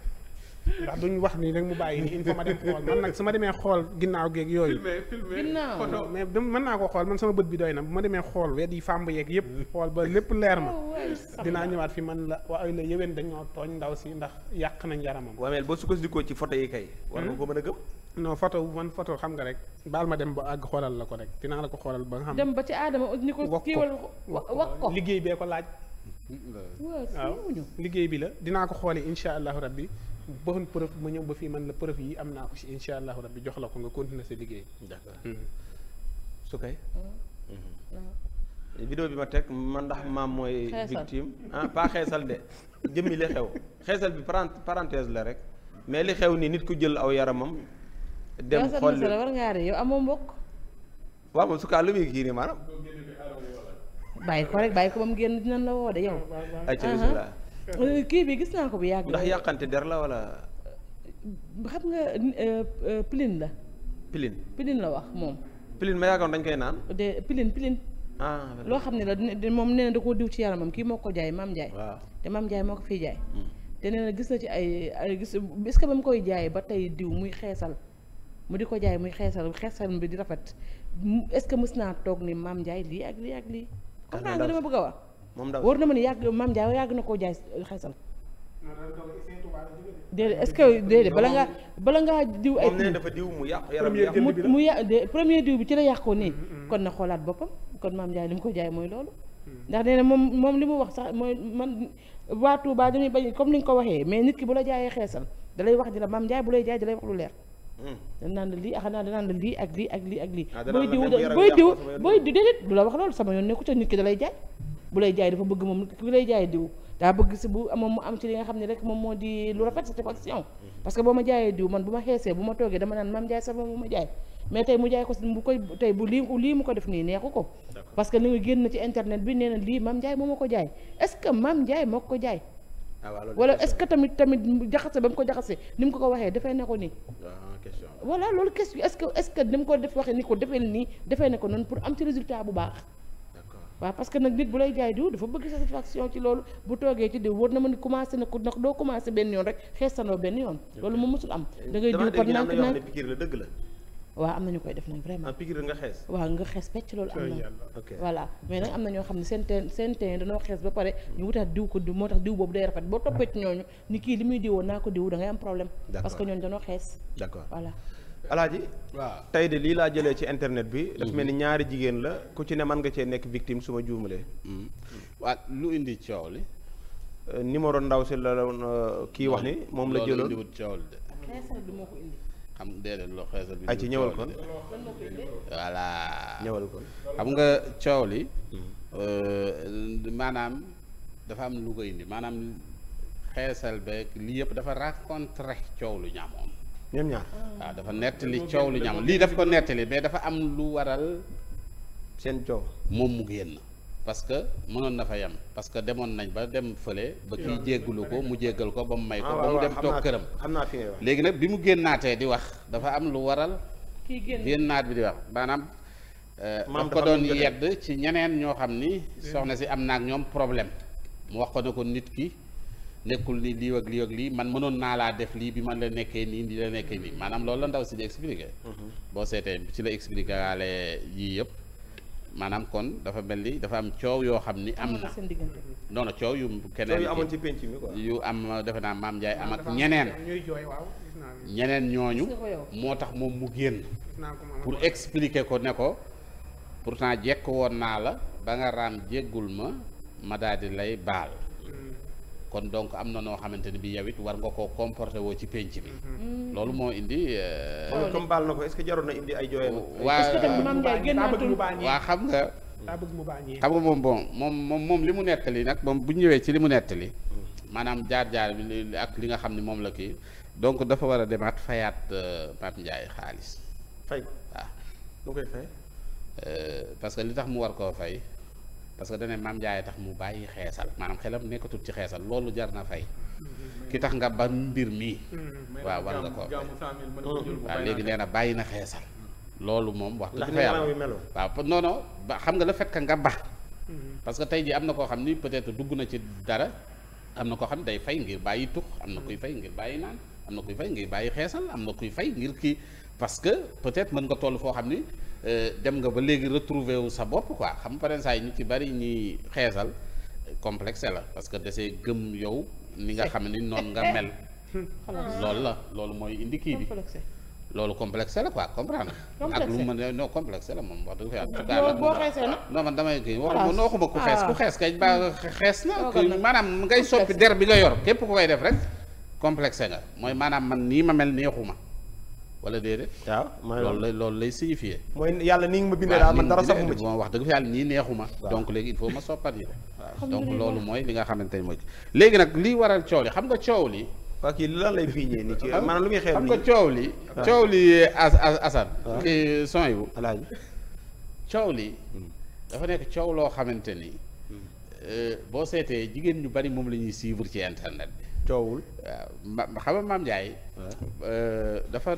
ndax duñ wax nii rek mu bàyyi nii il ma dem xool man nag su ma demee xool ginnaaw geeg yooyu. ginnaaw mais mën naa ko xool man sama bët bi doy na bu ma demee xool wet yi fàmb yeeg yëpp. xool ba lépp leer oh, dinaa ñëwaat fi man la waaye la yéwén dañoo tooñ ndaw si ndax yàq nañ yaramam. waaw mais boo sukkandikoo ci photo yi kay. war nga hmm? ko mën a gëm. non photo xam nga rek baal ma dem ba àgg xoolal la ko rek dinaa la ko xoolal ba nga xam. dem ba ci aadama ni ko kiiwal wax ko liggéey bee ko laaj. liggéey bi la dinaa ko xooli incha allahu rabbi boxoon preuve ma ñëw ba fii man la preuve yi am naa ko si incha allahu rabbi jox la ko nga continuer sa liggéey. d'accord hmm. su kay. Hmm. Hmm. vidéo bi ma teg man ndax maam mooy. victime ah pas xeesal de jëmmi li xew xeesal bi parenthèse la rek mais li xew nii nit ku jël aw yaramam. dem xool yow war ngaa yow amoo mbokk. waaw moom su kaa lu muy kii nii maanaam. bàyyi ko rek bàyyi ko ba mu génn dinañ la woo de yow. ayca bisimilah. Uh-huh. Euh, kii bi gis naa ko bu yàgg. ndax yàqante der la wala. Euh, xam nga euh, pilin la. piline pilin la wax moom. piline ma yaakaaroon dañ koy naan. de piline piline. ah loo xam ne la moom nee na da koo diw ci yaramam kii moo ko jaay maam Ndiaye. waaw te maam Ndiaye moo ko fi jaay. Hmm. te nee na gis na ci ay ay gis est-ce ba mu koy jaay ba tey diw muy xeesal mu di ko jaay muy xeesal xeesal bi di rafet est-ce que mës naa toog ni maam Ndiaye lii ak lii ak lii. xam nga dama bëgg a wax. moom daw war na ma ni yàgg Mame Ndiaye yàgg na koo jaay xeesal. déedéet est-ce que déedéet bala ngaa bala ngaa diw ay. moom dafa diw mu yàq yaram mu mu yàq premier diw bi ci la yàqoo nii. Mm-hmm, mm-hmm. kon na xoolaat boppam kon Mame Ndiaye li mu ko jaay mooy loolu. Mm-hmm. ndax nee na moom moom li mu wax sax mooy man waa Touba dañuy bañ comme ni nga ko waxee mais nit ki bu la jaayee xeesal da lay wax di la Mame Ndiaye bu lay jaay da wax lu leer. Mm. danaan la lii xanaa danaan la lii ak lii ak lii ak lii. Ah, booy diw booy diw booy diw du la wax loolu sama yoon nekku ca da lay jaay bu lay jaay dafa bëgg moom ku lay jaay diw daa bëgg si bu moom mu am ci li nga xam ne rek moom moo di lu rafet satisfaction parce que boo ma jaayee diw man bu ma xeesee bu ma toogee dama naan maam jaay sa moom ma jaay mais tey mu parce que li nga génn ci bi nee na lii maam jaay ko jaay que maam jaay moo ko jaay ah, wala est-ce que tamit tamit jaxase ba mu ko jaxase ni mu ko ko waxee defee ne ko nii voilà loolu question est-ce que est-ce que mu ko def waxee ni ko defee nii defee ne ko noonu pour am ci résultat bu baax waaw parce que nag nit bu lay jaay diw dafa bëgg satisfaction ci loolu bu toogee ci diw wóor na ma ni commencé na ko ndax doo commencé benn yoon rek xeesanoo benn yoon loolu moom mosul am eh, da diw par nànk koy def nag vraiment ah, piqûre nga xees waaw nga xees pecc loolu am na voilà mais na ñoo xam ne seen teen seen teen dañoo xees ba pare ñu wutaat diw ko moo tax diw boobu day rafet boo toppee ci ñooñu ni kii li muy diwoo naa ko diw da ngay am problème parce que ñooñu dañoo xees d'accord voilà alaaji waaw tey lii laa jëlee ci internet bi daf mhm. mel ni ñaari jigéen la ku ci ne mën nga cee nekk victime suma ma juumalee mhm. waa lu indi coow li euh, numéro ndaw si la euh, kii wax ni moom la jëloon loolu indiwut coow li de xam loo xeesal bi ay ci ñëwal kon voilà ñëwal kon xam nga coow li mhm. euh, maanaam dafa am lu ko indi maanaam xeesal beeg lii yëpp dafa raconter coow lu ñaamoon ñoom ñaar waaw dafa nettali coow lu ñam lii daf ko nettali mais dafa am lu waral seen coow moom mu génn parce que mënoon na fa yam parce que demoon nañ ba dem fële ba kii jéggulu ko mu jéggal ko ba mu may ko ah, ba mu dem toog këram naa fi léegi nag bi mu génnaatee di wax dafa am lu waral kii génnaat bi di wax maanaam euh, daf ko doon yedd ci ñeneen ñoo xam ni mm. soxna si am naag ñoom problème mu wax ko ne ko nit ki nekkul ni lii ak lii ak lii man mënoon naa laa def lii bi man la nekkee nii di la nekkee nii maanaam loolu la ndaw si di expliqué. Mhm. boo seetee ci la expliqué waale yii yëpp maanaam kon dafa mel ni dafa am coow yoo xam ni. am na non coow yu keneen. yu amoon ci penc am defe naa maam Ndiaye am ak ñeneen. ñeneen ñooñu. moo tax moom mu génn. pour expliquer ko ne ko pourtant jekk woon naa la ba nga raam jéggul ma ma daal lay baal. kon donc am na noo xamante ni bi yow war nga koo comporté woo ci pénc bi mm-hmm. loolu moo indi euh, comme baal na ko est-ce que jaroon na indi ay jooyam waa xam nga xam nga moom bon moom moom li mu nettali nag moom bu ñëwee ci li mu nettali mm-hmm. maanaam jaar-jaar bi ak li nga xam ne moom la kii donc dafa war a demaat fayaat euh, Pape Ndiaye xaalis fay waaw euh, parce que li tax mu war koo fay parce que dane maam Ndiaye tax mu bàyyi xeesal maanaam xelam nekkatul ci xeesal loolu jar na fay. ki tax nga ban mbir mii. waaw war nga nee na bàyyi na xeesal. loolu moom wax dëgg fa yàlla waaw non non ba xam nga ba. Mhm. parce que tey jii am na koo xam ni peut-être dugg na ci dara am na koo xam day fay ngir bàyyi tux am na kuy fay ngir bàyyi naan am na kuy fay ngir bàyyi xeesal am na kuy fay ngir kii parce que peut-être mën nga toll foo xam ni. Euh, dem nga ba léegi retrouver wu sa bopp quoi xam pare saa yi ñu ci bari ñuy xeesal complexe la parce que dasee gëm yow ni nga xam ni noonu nga mel loolu la loolu mooy indi kii bi loolu complexe la quoi comprendre ak mu mën non complexe la moom wax dëgg fa yàlla. boo xeesee na non man damay noo xuma ku xees ah. xees kay ba xees na maanaam ngay soppi der bi nga yor képp ku koy def rek complexe nga mooy maanaam man nii ma mel neexuma wala déedéet. waaw mooy loolu lay loolu lay signifié. mooy yàlla ni nga ma bindee daal man dara safu ma ci wax dëgg fa yàlla neexu ma donc léegi il faut ma soppat yi waaw donc loolu mooy li nga xamante ne mooy léegi nag lii waral coow li xam nga coow li waa kii lan lay fiiñee nii ci maanaam lu muy nga coow li coow li as as coow li hmm. dafa nekk coow loo xamante ni hmm. euh, boo seetee jigéen ñu bari moom la ñuy suivre ci internet bi coowul waaw xam maam Ndiaye euh, dafa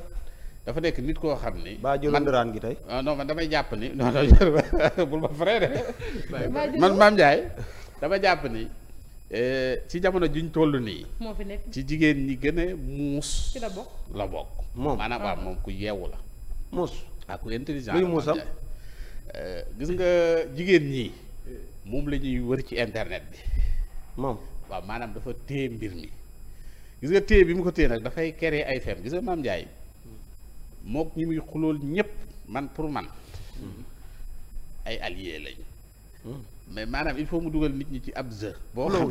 dafa nekk nit koo xam ni. baa jëloon ndoraan gi tey. Ah, non man damay jàpp ni non non ma frère man maam Ndiaye dama jàpp ni eh, ci jamono juñ toll nii. moo fi nekk ci jigéen ñi gën a muus. ci la bokk moom maanaam ah. waaw moom ku yeewu la. muus ah ku intelligent luy muusam eh, gis nga jigéen ñi moom la ñuy wër ci internet bi. moom waaw maanaam dafa téye mbir mi gis nga téye bi mu ko téye nag dafay créer ay fem gis nga maam Ndiaye. mook ñi muy xulool ñëpp man pour man ay alliés lañ mais maanaam il faut mu dugal nit ñi ci ab jeu boo xam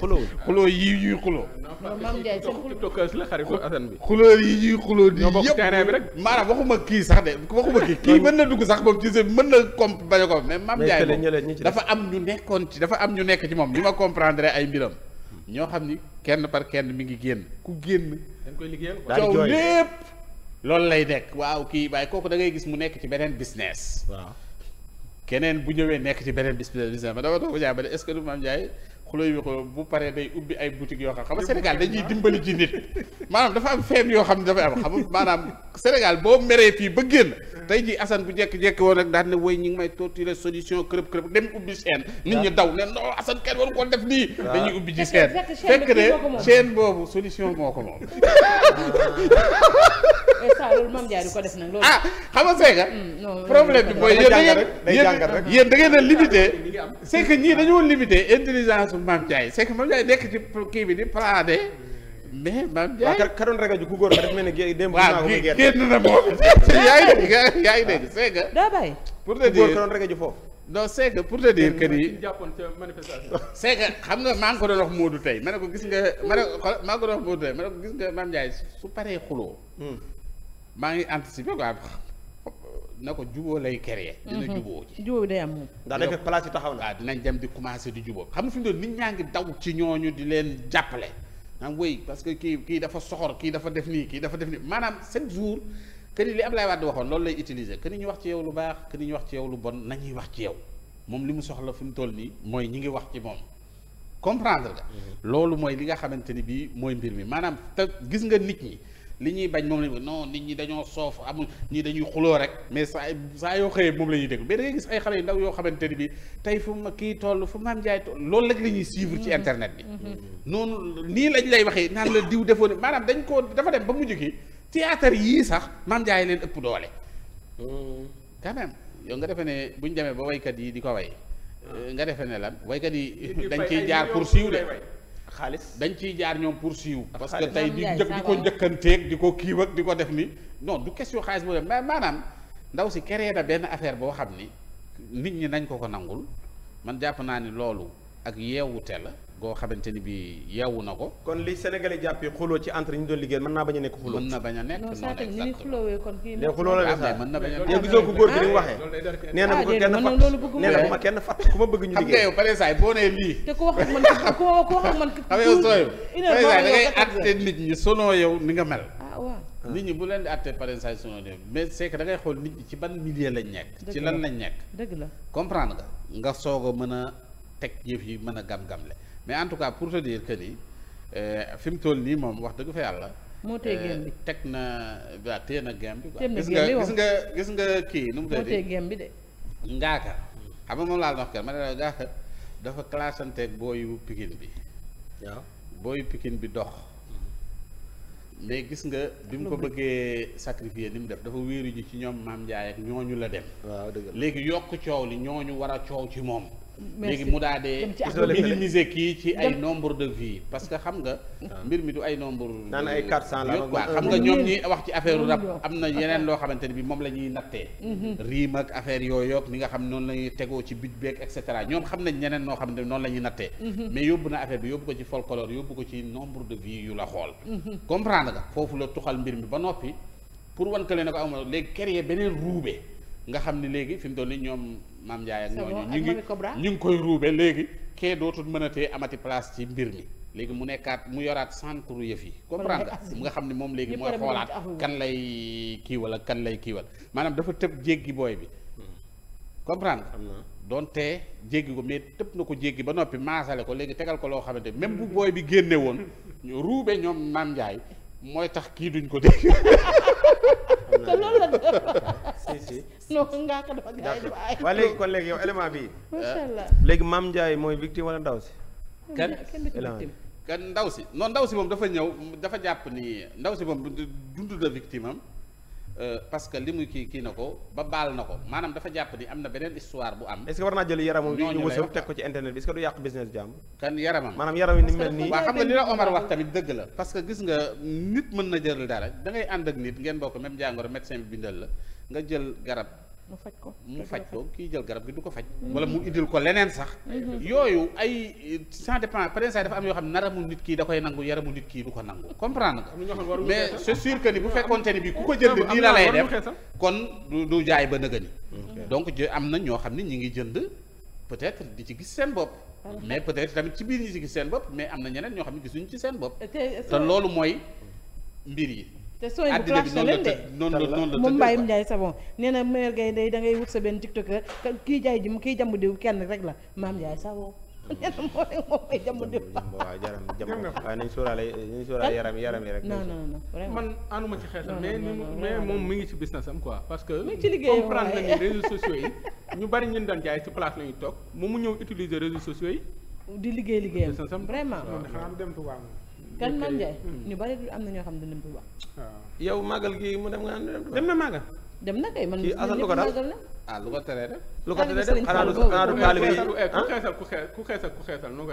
xuloo xuloo yi ñuy xuloo xuloo yi ñuy xuloo ni yëpp maanaam waxuma kii sax de waxuma kii kii mën na dugg sax moom ci se mën na comp bañ a ko mais Mame Ndiaye moom dafa am nekkoon ci dafa am ñu nekk ci moom li ma comprendre ay mbiram ñoo xam ni kenn par kenn mi ngi génn ku génn dañ koy liggéeyal loolu lay nekk waaw kii waaye kooku dangay gis mu nekk ci beneen business. waaw keneen bu ñëwee nekk ci beneen business bi sama dama doon ko jaay ba est-ce que du Mame xulóoy wi ko bu paree day ubbi ay boutique yoo xam xam a Sénégal dañuy dimbali ci nit maanaam dafa am feeb yoo xam ne dafay am xam maanaam Sénégal boo meree fii ba génn tey jii Assane bu jekk-jekk woon rek daan ne woy ñi ngi may torturer solution kërëb kërëb dem ubbi seen nit ñi daw ne non Assane kenn waru ko def dañuy ubbi ci fekk ne chaîne boobu solution moo ko moom eh, ah xam nga seega mm, mm, problème bi mooy yéen da ngeen yéen a ñii dañoo limité intelligence bu Mame Ndiaye c'est que nekk ci kii bi di plané mais Mame Ndiaye. ka doon ragal ji ku góor ba daf mel ni génn na moom yaa ngi dégg yaa ngi dégg c'est que. pour te dire góor ka doon ragal ji pour te dire que ni c'est que xam nga maa ngi ko doon wax Moodu tey ma ne ko gis nga ma ne ko maa ngi ko doon wax Moodu tey ma ne ko gis nga Mame Ndiaye su paree xuloo hmm. maa ngi anticiper quoi. na ko juboo lay créer dina mhm. juboo ji juboo bi day am moom ndax day fekk place taxaw na waaw ah, dinañ dem di commencer di juboo xam nga fi mu doon nit ñaa ngi daw ci ñooñu di leen jàppale naam wéy parce que kii kii dafa soxor kii dafa def nii kii dafa def nii maanaam chaque jour que li am Ablaye Wade waxoon loolu lay utiliser que ni ñu wax ci yow lu baax que ni ñu wax ci yow lu bon nañuy wax ci yow moom li mu soxla fi mu toll nii mooy ñi ngi wax ci moom comprendre mhm. loolu mooy li nga xamante ni bii mooy mbir mi maanaam te gis nga nit ñi li ñuy bañ moom lañu nit ñi dañoo soof amul ñi dañuy xuloo rek mais saa saa yoo xëyee moom la ñuy déglu mais da ngay gis ay xale yu ndaw yoo xamante ni bi tey fu ma kii toll fu maam jaay toll loolu rek la ñuy suivre ci mm-hmm. internet bi mm-hmm. Mm-hmm. noonu nii lañ lay waxee naan la diw defoon maanaam dañ ko dafa dem ba mujj gi théâtre yii sax maam jaay leen ëpp doole quand même yow nga defe ne bu ñu demee ba waykat yi di ko way ah. nga defe ne lan waykat yi dañ ciy jaar pour siiw de xaalis. dañ ciy jaar ñoom pour siiw. parce que tey di di ko njëkkanteeg di ko kiiw ak di ko def ni non du question xaalis boo def mais maanaam ndaw si créé na benn affaire boo xam ni nit ñi nañ ko ko nangul man jàpp naa ni loolu ak yeewute la goo xamante ni bi yeewu na ko. kon li Sénégalais jàppee xuloo ci entre ñu doon liggéey mën naa bañ a nekk xuloo. mën na bañ a nekk non exactement non ñu xuloowee kon kii. léegi na bañ a nekk yow gisoo ko góor gi ni mu ah, waxee. nee na bu ah, ma kenn fat ma kenn fat ñu bu leen di àtte pare saay sonoo yow mais xool ci ban milieu lañ nekk. ci lan lañ nekk. dëgg la comprendre nga nga soog a mën a teg yëf yi mën a gam-gamle mais en tout cas pour te dire ni euh, fi mu toll nii moom wax dëgg fa yàlla. moo tee gem euh, teg na waaw téye na gem bi. na gem bi gis nga gis nga kii nu mu tëddee moo tee gem bi de. ngaaka xam nga moom laa wax kër ma ne la dafa classanteeg booyu pikin bi. waaw booyu pikin bi dox. mais gis nga bi mu ko bëggee sacrifier ni mu def dafa wéeru ci ñoom maam Ndiaye ak ñu la dem. waaw dëgg la léegi yokk coow li ñu war a coow ci moom. léegi mu daa dee kii ci ay nombre de vie parce que xam nga ah. mbir mi du ay nombre naan ay quatre la quoi xam nga ñoom ñi wax ci affaire rab am na yeneen loo xamante ne bi moom la ñuy nattee mhm. riim ak affaire yooyu ak ni nga xam noonu la tegoo ci bit beeg et ñoom xam nañ ñeneen noo xamante noonu la ñuy nattee mhm. mais yóbbu na affaire bi yóbbu ko ci folklore yóbbu ko ci nombre de vie yu la xool mhm. comprendre nga foofu la tuxal mbir mi ba noppi pour wan que ne ko amul léegi créer beneen ruube nga xam ne léegi fi mu toll nii ñoom maam Ndiaye ak ñooñu ñu ngi ñu ngi koy ruube léegi kee dootul mënatee amati place ci mbir mi léegi mu nekkaat mu yoraat centre yëf yi comprendre nga mu nga xam ne moom léegi mooy xoolaat kan lay kiiwal ak kan lay kiiwal maanaam dafa tëb jéggi booy bi comprendre nga donte jéggi ko mais tëb na ko jéggi ba noppi maasale ko léegi tegal ko loo xamante même bu booy bi génne woon ruube ñoom maam Ndiaye mooy tax kii duñ ko de te loolu si si noonu ngaa ko dafa gars yi dafa ay. waa léegi kon léegi yow élément bi macha allah euh, léegi maam Ndiaye mooy victime wala ndaw si. kan kan ndaw si non ndaw si moom dafa ñëw dafa jàpp ni ndaw si moom dund na victime am. Euh, parce que li muy kii kii na ko ba baal na ko maanaam dafa jàpp ni am na beneen histoire bu am. est-ce que war naa jël yaramam bi ñu wësëw teg ko ci internet bi est-ce que du yàq business jàmm. kan yaramam maanaam yaram yi ni mel nii. waaw xam nga li la Omar wax tamit dëgg la. parce que gis nga nit mën na jël dara da ngay ànd ak nit ngeen bokk même jàngoro médecin bi bindal la nga jël garab mu faj ko mu faj ko kii jël garab gi du ko faj. Mm-hmm. wala mu indil ko leneen sax. Mm-hmm. yooyu ay ça dépend par exemple dafa am yoo xam ne naramu nit kii da koy nangu yaramu nit kii du ko nangu comprendre nga. mais c'est sûr que ni bu ah, fekkoonte ni bii ku ko jënd nii na lay def kon du jaay ba nëgë ni. donc am na ñoo xam ne ñi ngi jënd peut-être di ci gis seen bopp. Ah, mais peut-être tamit ci biir ñi ci gis seen bopp mais am na ñeneen ñoo xam ne gisuñu ci seen bopp. te loolu mooy mbir yi. te sooy bu clash na leen de moom Mbayim Ndiaye Savon nee na maire gay day da ngay wut sa benn tiktoker kii jaay ji kii jàmm diw kenn rek la maam Ndiaye Savon nee na moo ne moom may jàmm diw waaw jaram jàmm waaye nañ sóoraale nañ sóoraale yaram yaram yi rek non non man ànduma ci xeetam mais moom mi ngi si business am quoi parce que comprendre na ni réseaux sociaux yi jaay ci la ñuy toog moom mu ñëw utiliser réseaux sociaux yi di liggéey liggéeyam vraiment dem tubaab kan man Ndiaye. Hmm. ñu bari am na ñoo xam ne dinañ ko wax. Ah. yow màggal gi mu dem nga dem na dem na kay man kii asal lu ko dal ah lu lu ko teree def xanaa du xanaa du taalibe ah. eh, ku xeesal ku xeesal ku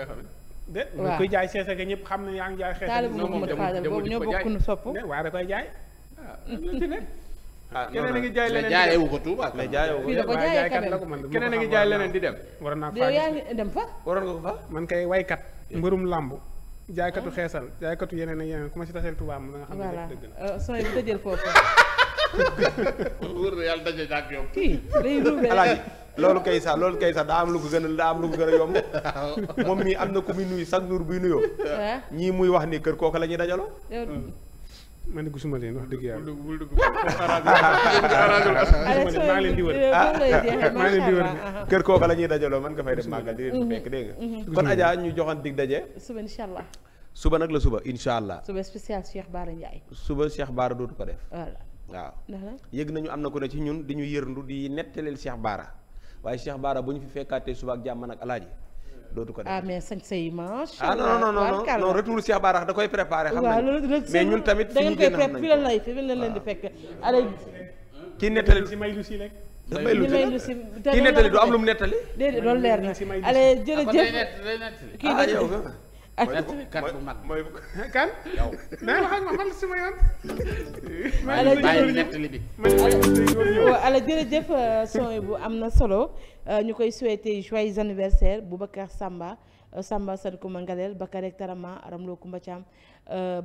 kuy jaay seese ñëpp xam ne yaa ngi jaay xeesal. non moom da koy jaay. ah, ah keneen a ngi jaay leneen jaayee wu ko Touba mais jaayee wu ko fii da ko jaayee keneen keneen a ngi di dem. waroon naa faa yaa ngi dem fa. waroon nga ko fa man kay waykat eh. mbërum làmb jaaykatu xeesal jaaykatu yeneen ak yeneen ku ma si taseel tubaab moom nga xam ne dëgg dëgg la dëjël euh, foofu wóor na yàlla daje jàkk yow kii loolu kay sax loolu kay daa am lu ko gën a daa am lu ko gën yomb moom mii am na ku muy nuyu chaque jour buy nuyoo ñii muy wax ni kër kooku la ñuy dajaloo man de gisuma leen wax dëgg yàlla. bul dugg maa leen di wër maa leen di wër kër kooka la ñuy dajaloo man nga fay def màggal di leen mhm. fekk dégg nga mhm. kon Adja ñu joxoon dig daje suba incha allah suba nag la suba incha allah suba spécial Cheikh Bara Ndiaye suba Cheikh Bara dootu ko def waaw yëg nañu am na ko ne ci ñun di ñu yërndu di nettaleel Cheikh baara waaye Cheikh Bara bu ñu fi fekkaatee suba ak jàmm nag alaaji dootu ko def ah mais sañ say manche. ah non non non non retour Cheikh da koy préparé. xam nañu mais ñun tamit. da ngeen koy la lay leen di fekk. allez. kii nettali si may lu si rek. may lu si kii nettali du am lu mu nettali. déedéet loolu leer na allez jërëjëf kii ah, kat bu mag mooy bu euh, am na solo euh, ñu koy souhaiter joyeux anniversaire Boubacar Samba euh, Samba Sadiko Mangalel Bakar Tarama Ramlo Kumba Thiam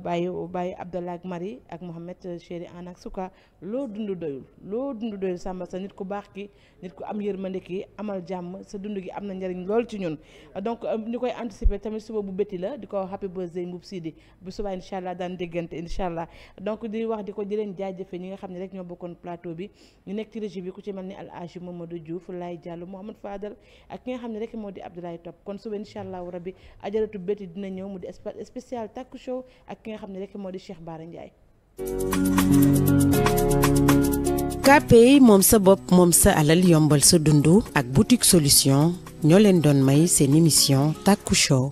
bàyyi euh, bàyyi Abdallah ak Marie ak Mohamed euh, chéri an ak suka loo dund doyul loo dund doyul Samba sa nit ku baax ki nit ku am ma ki amal jàmm sa dund gi am na njariñ lool ci ñun donc euh, ñu koy anticiper tamit suba bu bétti la di ko happy birthday Mboup Sidi bu suba incha allah daan déggante incha allah donc di wax di ko di leen jaajëfe ñi nga xam ne rek ñoo bokkoon plateau bi ñu nekk ci régie bi ku ci mel ni Alhaji Mamadou Diouf Laye Diallo Mohamed Fadal ak ki nga xam ne rek moo di Abdoulaye Top kon suba incha allah rabbi ajaratu bétti dina ñëw mu di spécial takku ak ki nga xam ne rek moo di Cheikh Bara Ndiaye. KPI moom sa bopp moom sa alal yombal sa dund ak boutique solution ñoo leen doon may seen émission Taku Show.